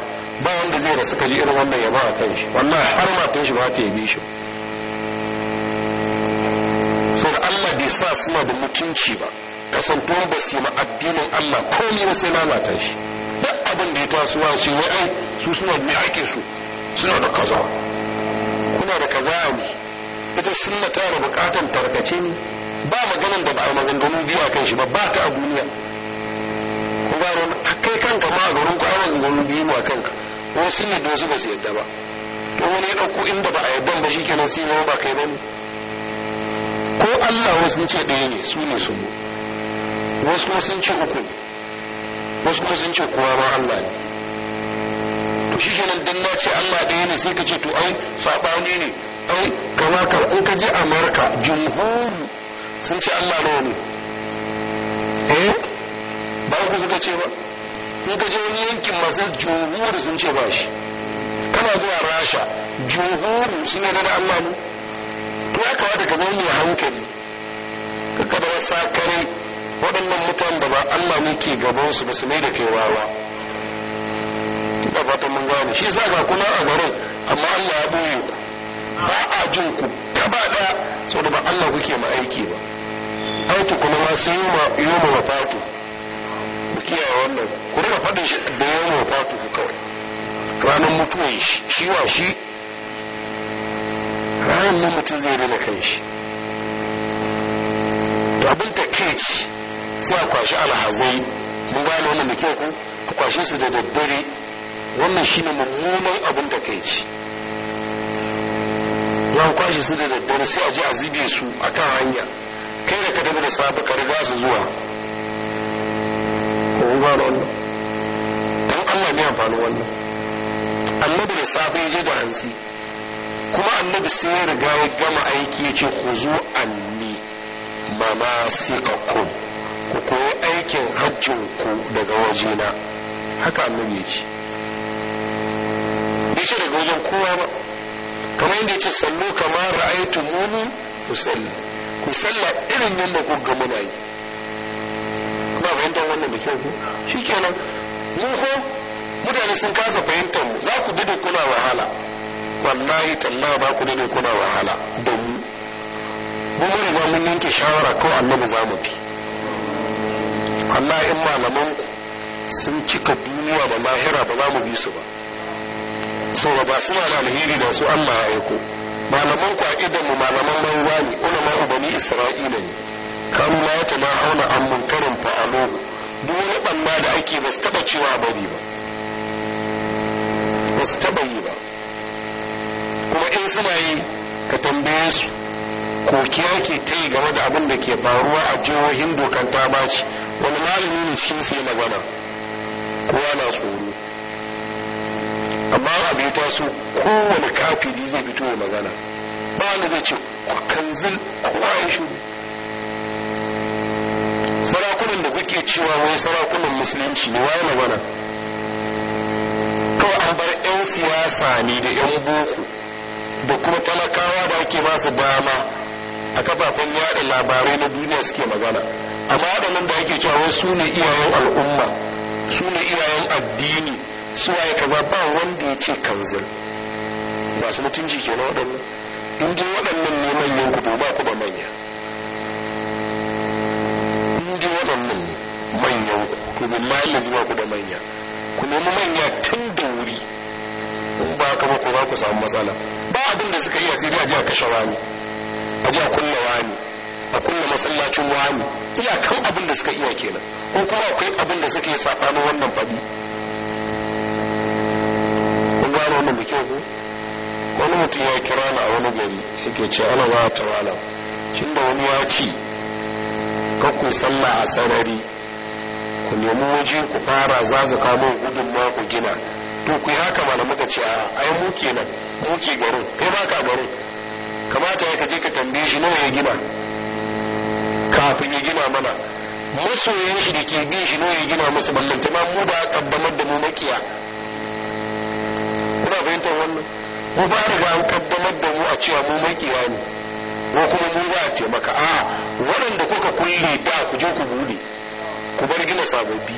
ba wanda zai rasu kaji irin wannan ya a kan shi wallahi har matan shi ba ta yabe shi saboda Allah bai sa suna da mutunci ba kasantuwar ba su yi ma addinin Allah komai ba sai lalata shi duk abin da ya tasowa su yi wa'ai su suna mai ake su suna da kaza kuna da kaza ne ita sunna tara bukatan tarkace ne ba maganin da ba a maganganu biyu a kan shi ba ba ta a duniya ku gano kai kanka ma a garin ku a maganganu biyu a kanka wasu ne da wasu ba su yadda ba to wani ya ɗauko inda ba a yadda ba shi kenan sai ya ba kai ba ne ko Allah wasu sun ce ɗaya ne su ne su wasu sun ce uku ne wasu kuma sun ce kowa ma Allah ne to shi kenan dan na ce Allah ɗaya ne sai ka ce to ai saɓani ne ai kama ka in ka je Amurka jumhuru sun ce Allah nawa ne eh ba ku suka ce ba in ka je wani yankin masu jumhuru sun ce ba shi kana zuwa Rasha jumhuru sun yi da Allah ne to ya kawata ka zama mai hankali ka kada wasa kare waɗannan mutan da ba Allah muke gaban su ba su mai da kewa ba ba fatan mun gane shi sa ga kuna a garin amma Allah ya boye ba a jin ku gaba da saboda ba Allah kuke mu aiki ba aiki kuma ma sai yoma yoma wafatu ku kiyaye wannan ku rika faɗin shi da wa wafatu ku kawai ranar mutuwan shi shi wa shi ranar mutum zai Da kan shi abin takaici sai a kwashi alhazai mun gane wannan da kyau ku ku kwashe su da daddare wannan shine mummunan abin da kai ci ya kwashe su da daddare sai a je a zube su a kan hanya kai da ka tafi da sabu ka riga su zuwa ko ga da wannan dan Allah ne amfanin wannan annabi da safe ya je da hansi kuma annabi sai ya riga ya gama aiki ya ce ku zo anni mamasiqakum ku koyi aikin ku daga wajena haka annabi ya ce ya ce daga wajen kowa ba kamar yadda ya ce sallu kamar ra'aytu muni ku salli ku salla irin yadda ku ga muna yi kuma fahimtar wannan da kyau ku shikenan mu ko mutane sun kasa fahimtar mu za ku dade kuna wahala wallahi tallahi ba ku dade kuna wahala da mu mun riga mun yanke shawara ko annabi za mu bi amma in malaman sun cika duniya ba lahira ba za mu bi su ba saboda ba suna da alheri da su Allah ya aiko malaman ku a mu malaman banza ne ulama ubani isra'ila ne kanu la ya tama hauna an munkarin fa'alo duk wani banda da ake ba su taba cewa bari ba ba su taba yi ba kuma in suna yi ka tambaye su ko ke ta yi game da abin da ke faruwa a jihohin dokan ta baci wani malami ne cikin sai magana kowa na tsoro amma bai ta so kowane kafiri zai fito ya magana ba ni da ce kanzil kowa kwayan shuru sarakunan da kuke cewa wai sarakunan musulunci ne waye magana kawai an bar 'yan siyasa ne da 'yan boko da kuma talakawa da ake ba su dama a kafafen yada labarai na duniya suke magana amma waɗannan da ake cewa su ne iyayen al'umma su ne iyayen addini su waye kaza ba wanda ya ce kanzil masu mutunci ke na waɗannan in dai waɗannan ne manyan ku ba ku ba manya in dai waɗannan ne manyan ku to bin zuwa ku da manya ku nemi manya tun da wuri in ba ka ba ku za ku samu matsala ba abin da suka yi a sai dai a ji a kashe rami bari a kunna wani a kunna masallacin wani iyakan abin da suka iya kenan ko kuma akwai abin da suka yi saɓanin wannan faɗi kun gano wannan da kyau wani mutum ya kira ni a wani gari yake ce ana ba ta wala kin da wani ya ci ka ku sallah a sarari ku nemi waje ku fara za su gudun ma ku gina to ku yi haka malamu ka ce a ai mu kenan mu ke garin kai ba ka garin kamata ya kaje ka tambaye shi nawa ya gina kafin ya gina mana masoyan shi da ke bin shi nawa ya gina musu ballanta ma mu ba kaddamar da mu makiya kuna fahimtar wannan mu ba riga an kaddamar da mu a cewa mu makiya ne ko kuma mu ba a taimaka a waɗanda kuka kulle da ku je ku bude ku bar gina sababbi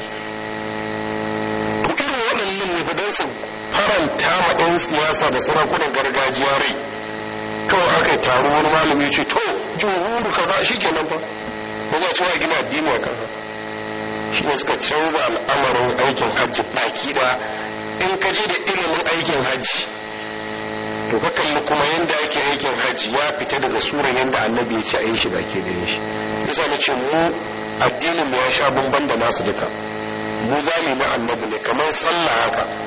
to irin waɗannan ne don su faranta ma 'yan siyasa da sarakunan gargajiya rai kawai aka yi taro wani malami ya ce to juhuru ka ba shi kenan fa ba za su gina addini a kan shi ne suka canza al'amarin aikin hajji baki da in ka je da ilimin aikin hajji to ka kalli kuma yadda ake aikin hajji ya fita daga sura yadda annabi ya ce a yi shi baki da shi yasa na ce mu addinin mu ya sha bamban da nasu duka mu zami na annabi ne kamar sallah haka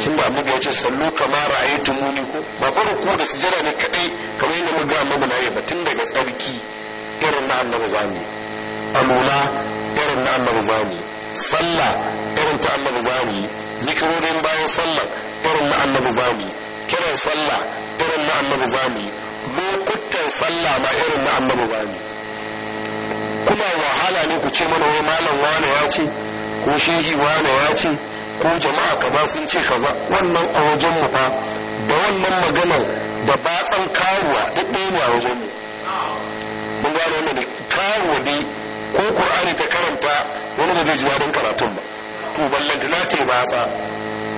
sun da abubuwa ya ce sallu kama ra'aytu muni ko ba ko da da jira ne kadai kamar yadda muka gama annabi yi ba tun daga tsarki irin na annabi zamu alula irin na annabi zamu sallah irin ta annabi zamu zikirorin bayan sallah irin na annabi zamu kiran sallah irin na annabi zamu lokutan sallah ma irin na annabi zamu kuma wahala ne ku ce mana wani malam wane ya ce ko shehi wane ya ce ko jama'a kaza sun ce kaza wannan a wajen mu fa da wannan maganar da batsan kawuwa duk ɗaya ne a wajen mu mun da wannan da kawuwa dai ko qur'ani ta karanta wani ba zai ji daɗin karatun ba to ballanta na ta batsa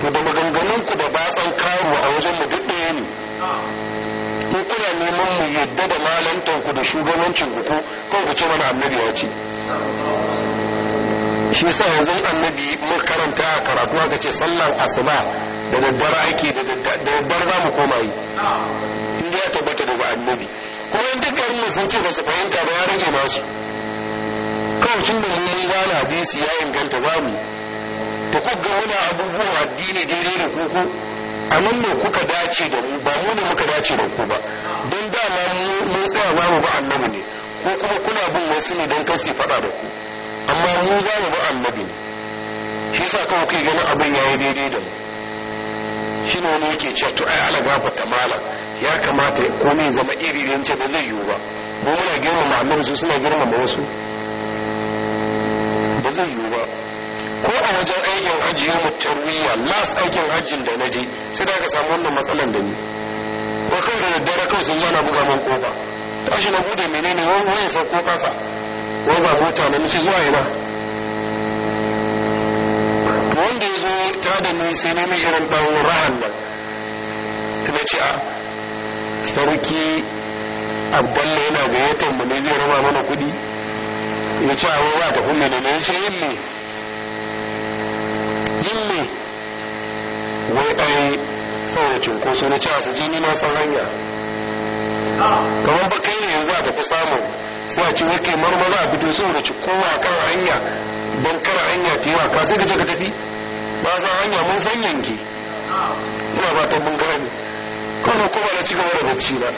to da maganganun ku da batsan kawuwa a wajen mu duk ɗaya ne ko kuna neman mu yadda da malantanku da shugabancin ku ko ku ce mana annabi ya ce shi yasa yanzu annabi mun karanta karatu aka ce sallan asuba da daddare ake da babbar za mu koma yi inda ya tabbata daga annabi kuma in dukkan mu sun ce ba su fahimta ba ya rage masu kawai tun da mun gane hadisi ya inganta ba mu to ku ga wani abubuwan addini daidai da kuku a nan ne kuka dace da mu ba mu ne muka dace da ku ba don dama mun tsaya ba mu ba annabi ne ko kuma kuna bin wasu ne don kasi faɗa da ku amma mu za mu bi annabi ne shi sa kawo kai gani abin ya yi daidai da mu shi ne wani yake cewa to ai ala ta malam ya kamata ya komai zama iri da yance ba zai yiwu ba mu muna girmama annabi su suna girmama wasu ba zai yiwu ba ko a wajen aikin hajji mutar mutarwiya las aikin hajjin da na je sai da aka samu wannan matsalan da ni ko kawai da daddare kawai sun yana buga min kofa tashi na bude menene wani sauko kasa ko ba mota na mace zuwa yana ba wanda ya zo ta da sai na mihirin ɗan rahan nan na ce a sarki abdalla yana gayyatar mu ne zai rama mana kuɗi ya ce a ba ta kunne ne ya ce yin ne yin ne wai ai saboda cunkoso na ce a su je ni na san hanya ah. kamar ba kai ne yanzu a tafi samun sai a ce wai kai marmara a fito saboda ci kowa kan hanya don kar hanya ta yi waka sai ka je ka tafi ba san hanya mun san yanke ina ba ta mun gane kuma kuma na cigaba da bacci na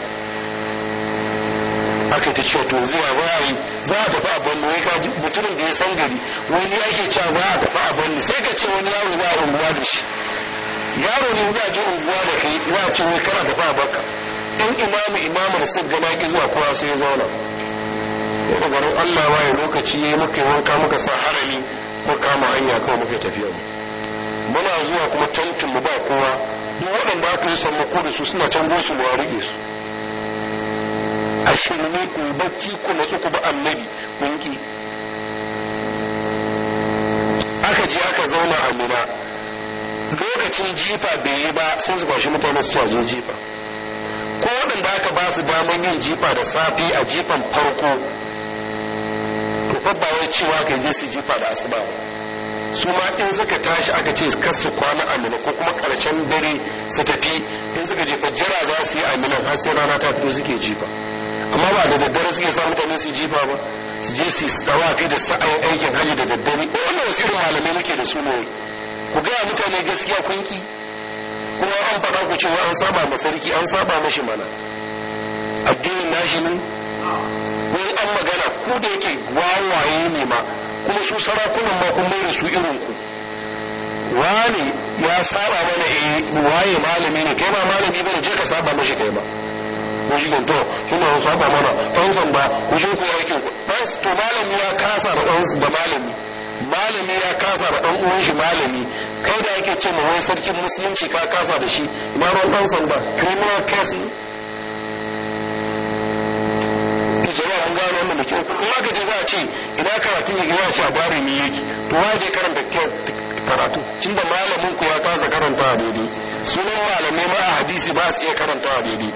aka ta cewa to zuwa ba yi za a tafi a bandu wai kaji mutumin da ya san gari wani ake cewa ba a tafi a bandu sai ka ce wani yaro ba a unguwa da shi yaro ne za a je unguwa da kai za a ce wai kana tafi a baka in imamu imamar sun gama ki zuwa kowa sai ya zauna daga garin Allah ma ya lokaci ya yi muka wanka muka sa harami ko kama hanya kawai muka tafiya mu muna zuwa kuma tantin mu ba kowa duk waɗanda aka yi sammako da su suna can su mu rige su a ne ku bacci ku na ku ba annabi mun ki aka je aka zauna a mina lokacin jifa bai yi ba sai su kwashi mutane su zo jifa ko waɗanda aka ba su damar yin jifa da safe a jifan farko fa ba wai cewa ka je su jifa da asuba ba su ma in suka tashi aka ce kar su kwana amina ko kuma karshen dare su tafi in suka jefa jira za su yi amina har sai rana ta fito suke jifa amma ba da daddare suke samu mutane su jifa ba su je su tsawa fi da sa'ayin aikin hali da daddare wannan wasu irin malamai muke da su ne ku gaya mutane gaskiya kunki kuma an faɗa ku cewa an saba ma sarki an saba mashi mana addinin nashi ne wai an magana ko da yake wawaye ne ma kuma su sarakunan ma kun mai da su irin ku wani ya saba mana eh waye malami ne kai ma malami bane je ka saba mishi kai ba ko shi to kuma ma saba mana san ba ku je ku aikin ku dan to malami ya kasar da dan da malami malami ya kasa da dan uwan shi malami kai da yake ce ma wai sarkin musulunci ka kasa da shi ba ran dan ba criminal case ne jama'a mun gano wannan da kyau kuma ka je za a ce ina karatun ya gina shi a bari ne yake to wa je karanta karatu tun da malamin ku ya kasa karanta a daidai sunan malamai ma a hadisi ba su iya karanta a daidai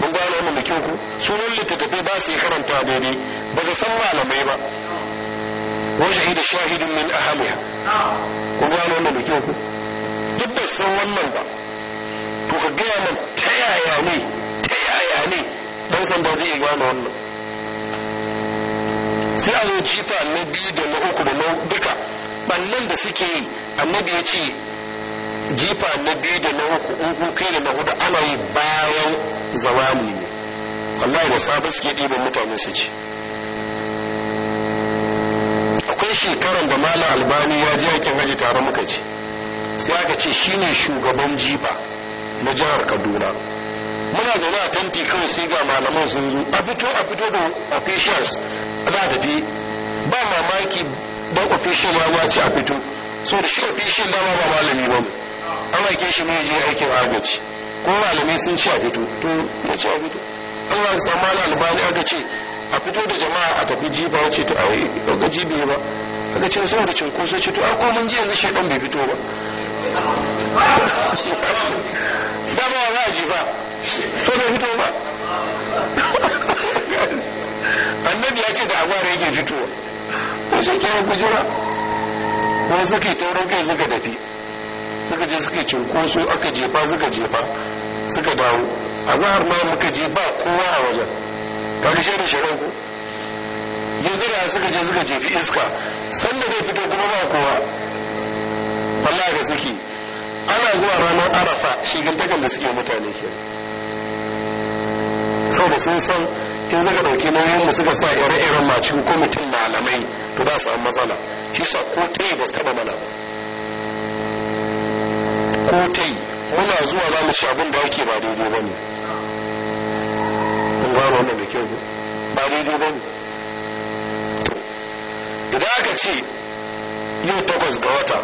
mun gano wannan da kyau ku sunan littattafai ba su iya karanta a daidai ba su san malamai ba yi da shahidin min ahliha kun gano wannan da kyau ku duk da san wannan ba to ka gaya min ta yaya ne ta yaya ne san ba zai gane wannan sai a yi jifa na biyu da na uku da na duka ɓannan da suke yi annabi ya ce jifa na biyu da na uku uku kai da na hudu ana yi bayan zawami ne wallahi da sabon suke ɗiban mutane su ce akwai shekaran da malam albani ya ji yakin haji tare muka ci? sai aka ce shine shugaban jifa na jihar kaduna muna zaune a tanti kan sai ga malaman sun zo a fito a fito da officials za ta ba mamaki ba official ya ce a fito so da shi official dama ba malami ba mu an aike shi mai je aikin agaci ko malamai sun ci a fito to ya a fito Allah ya samu albani ce a fito da jama'a a tafi jiba ce ga jibi ba aka ce cinkoso ce to a ko mun ji yanzu <laughs> so bai fito ba annabi ya ce da azara yake fitowa ko sai kira kujira ko suka yi taurin kai suka tafi suka je suka cinkoso aka jefa suka jefa suka dawo azahar ma muka je ba kowa a wajen kaga shi da shirin ku yanzu suka je suka jefi iska sanda bai fito kuma ba kowa wallahi da suke ana zuwa ranar arafa shigantakan da suke mutane kenan saboda sun san in zaka dauki nauyin mu suka sa ire-iren macin kwamitin malamai to za su an matsala shi sa ko tai ba su taɓa mana ba ko tai muna zuwa za mu ci abin da ba daidai ba ne kun gano wannan da kyau ba daidai ba ne idan aka ce yau takwas ga wata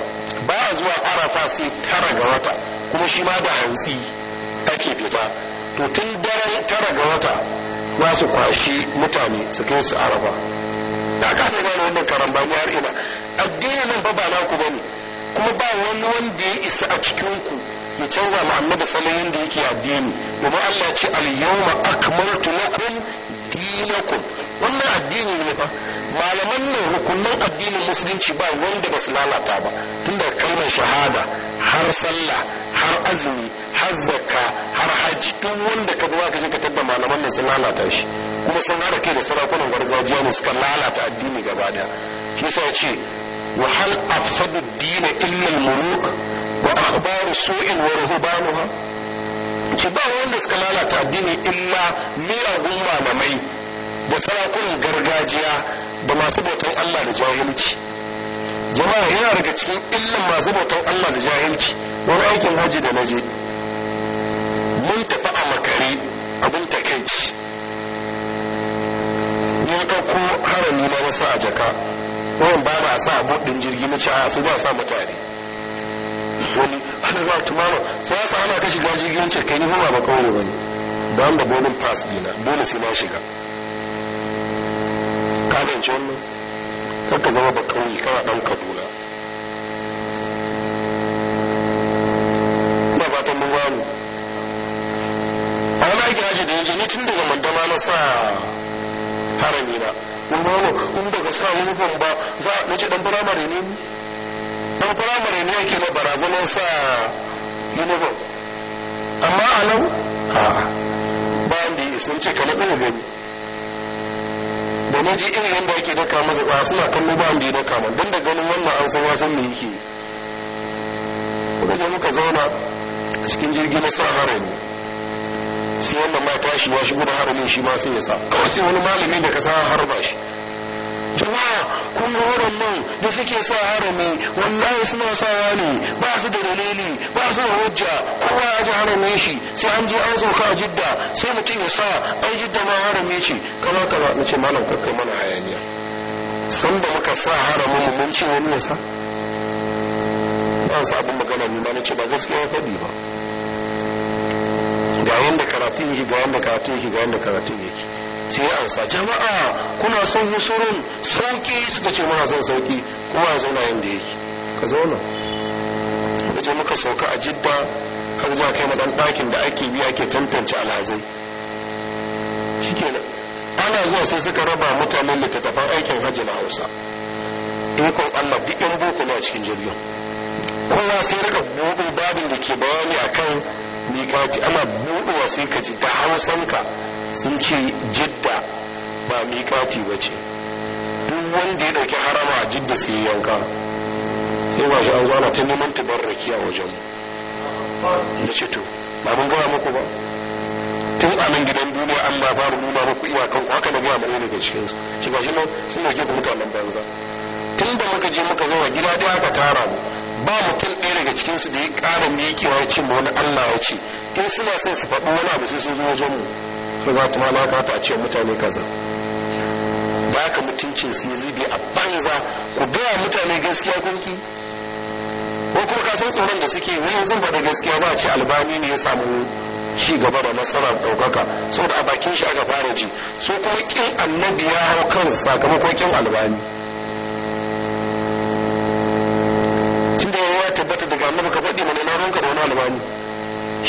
ba a zuwa arafa sai tara ga wata kuma shi ma da hantsi ake fita to tun daren tara ga wata za su kwashi mutane su kai su araba da aka kasa gane wannan ba ya rina addinin nan ba ba naku bane kuma ba wani wanda ya isa a cikin ku ya canza ma annabi salayin da yake addini domin Allah ya ce al-yawma akmaltu lakum dinakum wannan addini ne fa malaman nan rukunan addinin musulunci ba wanda ba su lalata ba tun da kalmar shahada har sallah har azumi har zakka har hajji duk wanda ka zuwa ka ka tabba malaman nan sun lalata shi kuma sun hada kai da sarakunan gargajiya ne suka lalata addini gaba daya shi yasa ce wa hal afsadu dina illa al-muluk wa akhbaru su'in wa ruhbanuha ki ba wanda suka lalata addini illa miyagun malamai da sarakunan gargajiya da masu bautan Allah da jahilci jama'a yana daga cikin illan masu bautan Allah da jahilci wani aikin haji da naje mun tafi a makare abin takaici ka ɗauko harami na wasu a jaka wani ba na sa abin jirgi na ci su ba sa mutane wani ana ba tumama su ya sa ana ka shiga jirgin ce ni ba ba kawai ba ne ba da bonin pass dina dole sai na shiga ka fahimci wannan ka zama ba kauye kana dan kaduna ba fatan mun gano a wani ake haji da yanzu ni tun daga mandama na sa harami na mungwa gano in daga sa uniform ba za a nace ɗan firamare ne Ɗan firamare ne yake na barazanar sa uniform amma a nan ba an da sun ce ka matsalar gani domin ji irin yadda yake daka masa ba suna kallo ba wanda ya daka man don da ganin wannan an san wasan me yake kuma je muka zauna cikin jirgi na sa harami sai wannan ma tashi wa shi gudu haramin shi ma sai ya sa kawai sai wani malami da ka sa harba shi jama'a kun ga nan da suke sa harami wallahi suna sawa ne ba su da dalili ba su da hujja kowa ya ji haramin shi sai an je an sauka a jidda sai mutum ya sa ai jidda ma harami shi kama kama na ce malam kakka mana hayaniya san da muka sa haramin mun ce wani ya sa ba su abin magana mu na ce ba gaskiya faɗi ba ga yanda karatun yake ga yanda karatun yake ga yanda karatun yake sai ya ansa jama'a kuna son musurun sauki suka ce muna son sauki kuma ya zauna yadda yake ka zauna wajen muka sauka a jidda har za kai madan ɗakin da ake biya ake tantance alhazai shikenan ana zuwa sai suka raba mutanen littattafan aikin hajji na hausa ikon allah duk yan boko ne a cikin jirgin kowa sai rika buɗe babin da ke bayani akan mikati ana buɗe wasu ka ji da hausanka sun ce jidda ba miƙati ba ce duk wanda ya ɗauki harama a jidda sai yanka sai ba shi an zana ta neman raki a wajenmu na ce to ba mun gaya muku ba tun a nan gidan duniya an ba ba nuna muku iyakan ku haka na gaya mana daga cikin su shi ba shi nan sun dauke ku mutanen banza tun da muka je muka zo a gida ɗaya aka tara mu ba mutum ɗaya daga cikin su da ya ƙara miƙewa ya ce ma wani Allah ya ce in suna son su faɗi wani abu sai sun zo wajen mu ko ba kuma na fata a ce mutane kaza ba ka mutuncin su yi a banza ku gaya mutane gaskiya kunki ko kuma ka san tsoron da suke wani yanzu ba da gaskiya ba a ce albani ne ya samu ci gaba da nasara ɗaukaka saboda a bakin shi aka fara ji su kuma kin annabi ya hau kan sakamakon kin albani tunda ya tabbata daga annabi ka faɗi mana na ronka da wani albani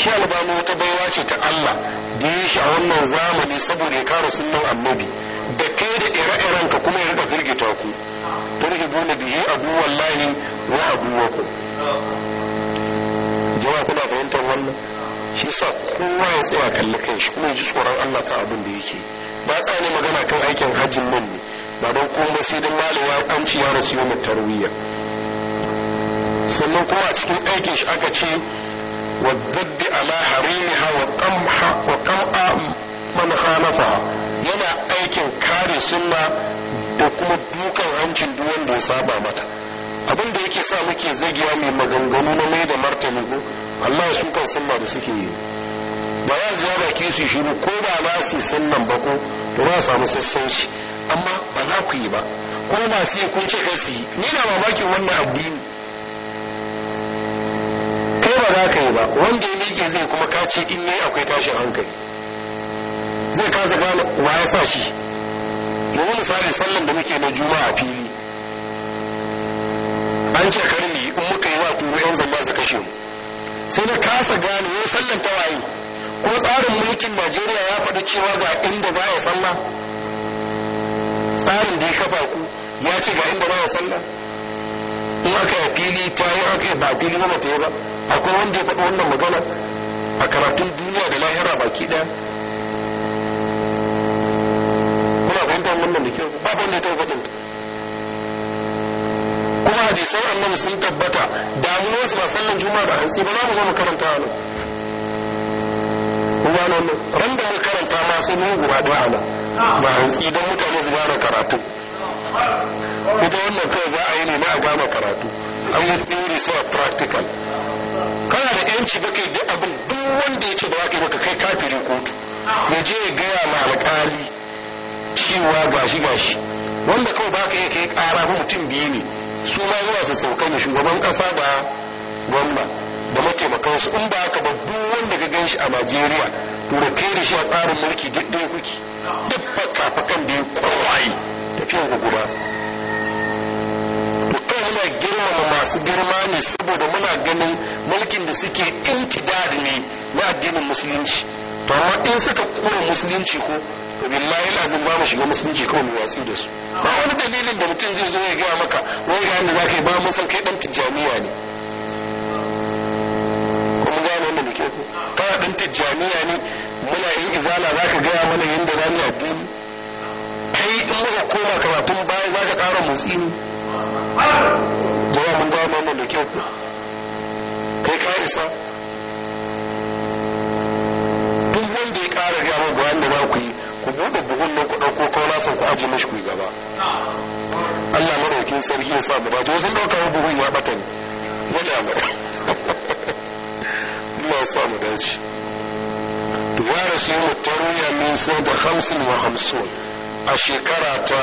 shi albani wata baiwa ce ta Allah da ya shi a wannan zamani saboda ya kara sunan annabi da kai da ire-iren ka kuma ya rika firgita ku ta rike gona bihi abu wallahi wa abu wa ku kuna fahimtar wannan shi sa kowa ya tsaya kalli kan shi kuma ya ji tsoron Allah kan abin da yake ba sa ne magana kan aikin hajjin nan ne ba don kuma sai don malewa an ci ya rasu yau tarwiyya sannan kuma a cikin aikin shi aka ce والذب على حريمها وقمع وقمع من خالفها yana aikin kare سنة da kuma dukan hancin duk ya mata abin da yake sa muke zagiya mai maganganu na mai da martani ko Allah ya kan sunna da suke yi ba za su yaba ke su shiru ko ba ma su sunnan ba ko to ba samu sassauci amma ba za ku yi ba ko ba su yi kun ce kai su yi ni na mamakin wannan addini kai ba za ka yi ba wanda ya miƙe zai kuma kace in ne akwai tashin hankali zai kasa gane wa ya sa shi yanzu misali sallan da muke na juma'a fili an ce karni in muka yi wa kuma yan zamba su kashe mu sai na kasa gane wai sallan ta waye ko tsarin mulkin Najeriya ya faɗi cewa ga inda ba ya sallah tsarin da ya kafa ku ya ce ga inda ba ya sallah in aka yi fili ta yi aka yi ba fili ba ba akwai wanda ya faɗi wannan magana a karatun duniya da lahira baki ɗaya kuna fahimtar wannan da kyau ba wanda ya taɓa faɗin kuma hadisai annan sun tabbata su ba sallan juma'a da hantsi ba za mu zo mu karanta a nan kuma nan ran da mu karanta ma sai mun guba da ana ba hantsi don mutane su gane karatu kuma wannan kai za a yi ne na a gama karatu an yi theory sai practical kana da yanci ba kai duk abin duk wanda ya ce ba ka yi baka kai kafirin kotu ya je ya gaya ma alƙali cewa gashi gashi wanda kawai ba ka iya kai ƙara mutum biyu ne su ma zuwa su sauka ne shugaban ƙasa da gwamna da mataimakansu in ba haka ba duk wanda ka gan a najeriya to da kai da shi a tsarin mulki duk ɗaya kuki duk fakafakan da ya kowaye tafiyan gugura girmama masu girma ne saboda muna ganin mulkin da suke intidad ne na addinin musulunci to amma in suka kura musulunci ko to billahi lazim ba mu shiga musulunci kawai mu watsi da su ba wani dalilin da mutum zai zo ya gaya maka wai ga za ka yi ba mu san kai dan tijjaniya ne kuma gane wanda ke ku ka dan tijjaniya ne muna yin izala za ka gaya mana yadda za mu addini kai in muka koma karatun baya za ka ƙara motsi ne da mun gano wannan da kyau kai ka isa duk wanda ya kara ga mu bayan da ba ku yi ku buɗe buhun nan ku ɗauko na san ku aje mishi ku gaba Allah madaukin sarki ya sa mu ba to sun dauka buhun ya ɓata ne wala ba Allah ya sa mu dace warasu mu tarwiya min sai da hamsin wa hamsin a shekara ta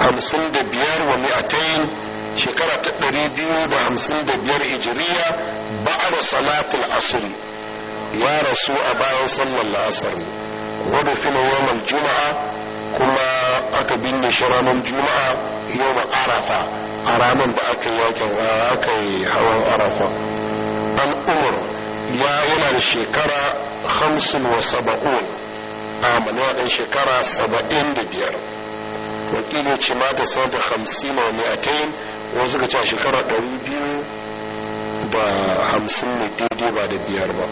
hamsin da biyar wa mi'atayn shekara ta ɗari biyu da hamsin da biyar hijiriya ba'ar salatul asri ya rasu a bayan sallar la'asar wadda fi yawon juma'a kuma aka binne shi ranar juma'a yau arafa a ranar da aka yakin aka yi hawan arafa an umar ya yana da shekara hamsin wa saba'un a ɗan shekara saba'in da biyar wakili ce ma ta sanar da hamsin wa wani suka ce a shekara ɗari biyu da hamsin ne daidai ba da biyar ba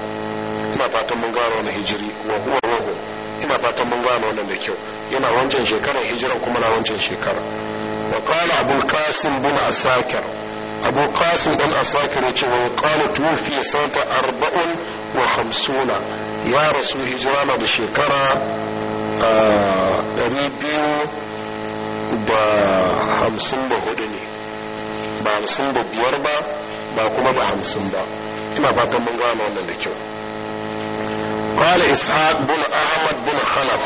ina fatan mun gano wani hijiri wa huwa ruhu ina fatan mun gano wani da kyau yana wancan shekarar hijiran kuma na wancan shekara wa kwana abu qasim bin asakir abu kasin bin asakir ya ce wa qala ya sanata arba'un wa hamsuna ya rasu hijira na da shekara ah, ɗari biyu ba hamsin ba hudu ne ba hamsin ba biyar ba ba kuma ba hamsin ba ina fatan mun gano wannan da kyau قال إسحاق بن أحمد بن خلف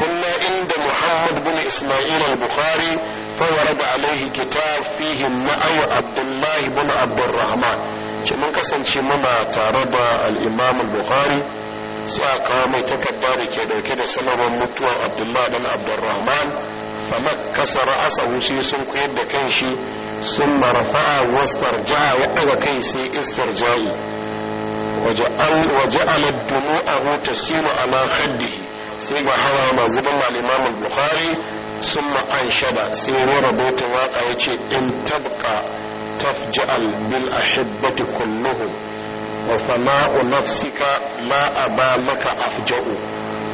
كنا عند محمد بن إسماعيل البخاري فورد عليه كتاب فيه نأو عبد الله بن عبد الرحمن كمن كسن شمنا تعرض الإمام البخاري sai a kawo mai takarda da ke dauke da sanarwar mutuwar abdullahi dan abdurrahman kasar asahu sai sun koyar da shi sun wastar wastarja'a ya daga kai sai a waja'ala suna a ala khaddihi sai ga hawa ma zuban al-imam al-bukhari summa sai ya rubuta waka yace in tabqa tafja'al bil ahibbati kulluhum wa fama'u nafsika a ba maka afja'u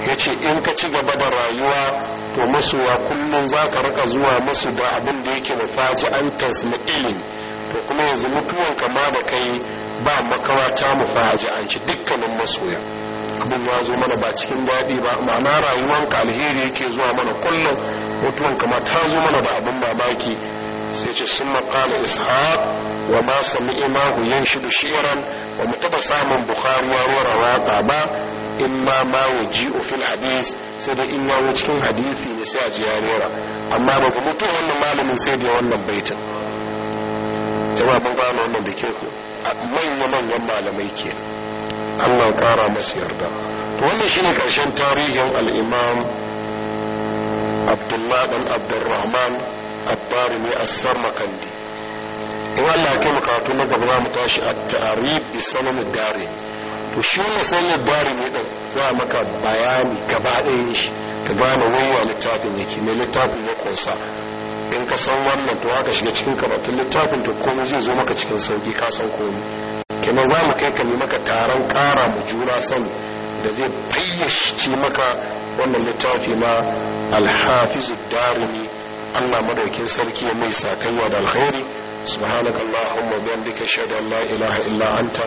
Ya ce in ka ci gaba da rayuwa to masoya kullum za ka raka zuwa masu da abin da yake mufaji'antas na ilimi to kuma yanzu mutuwan kama da kai ba makawa ta mufaji'anci dukkanin masoya abin ya zo mana ba cikin daɗi ba ma'ana rayuwanka alheri yake zuwa mana kullum mutuwan kama ta zo mana da abin mamaki sai ce sun maƙala ishaq wa ma sami imahu yan shi da shi'ran ba mu taɓa samun bukhari ya rora ba in ma ma waji ofin hadis sai da in ma cikin hadisi ne sai a ji ya rera amma ba mutu wannan malamin sai da wannan baitin jama'a mun gano wannan da ke ku manya manyan malamai ke Allah kara masu yarda to wannan shine karshen tarihin al-Imam Abdullah dan ne a as makandi in Allah ya kai mu na gaba za mu tashi a tarib bi Darin to shi ne sai ne bari ne dan za maka bayani gaba ɗayan shi ka gane wawa littafin yake mai littafin ya kosa in ka san wannan to haka shiga cikin karatun littafin to komai zai zo maka cikin sauki ka san komai kenan za mu kai ka ne maka taron kara mu jura sani da zai fayyace maka wannan littafi na alhafizu darimi allah madaukin sarki ya mai sakaiwa da alkhairi subhanakallahumma bihamdika an la ilaha illa anta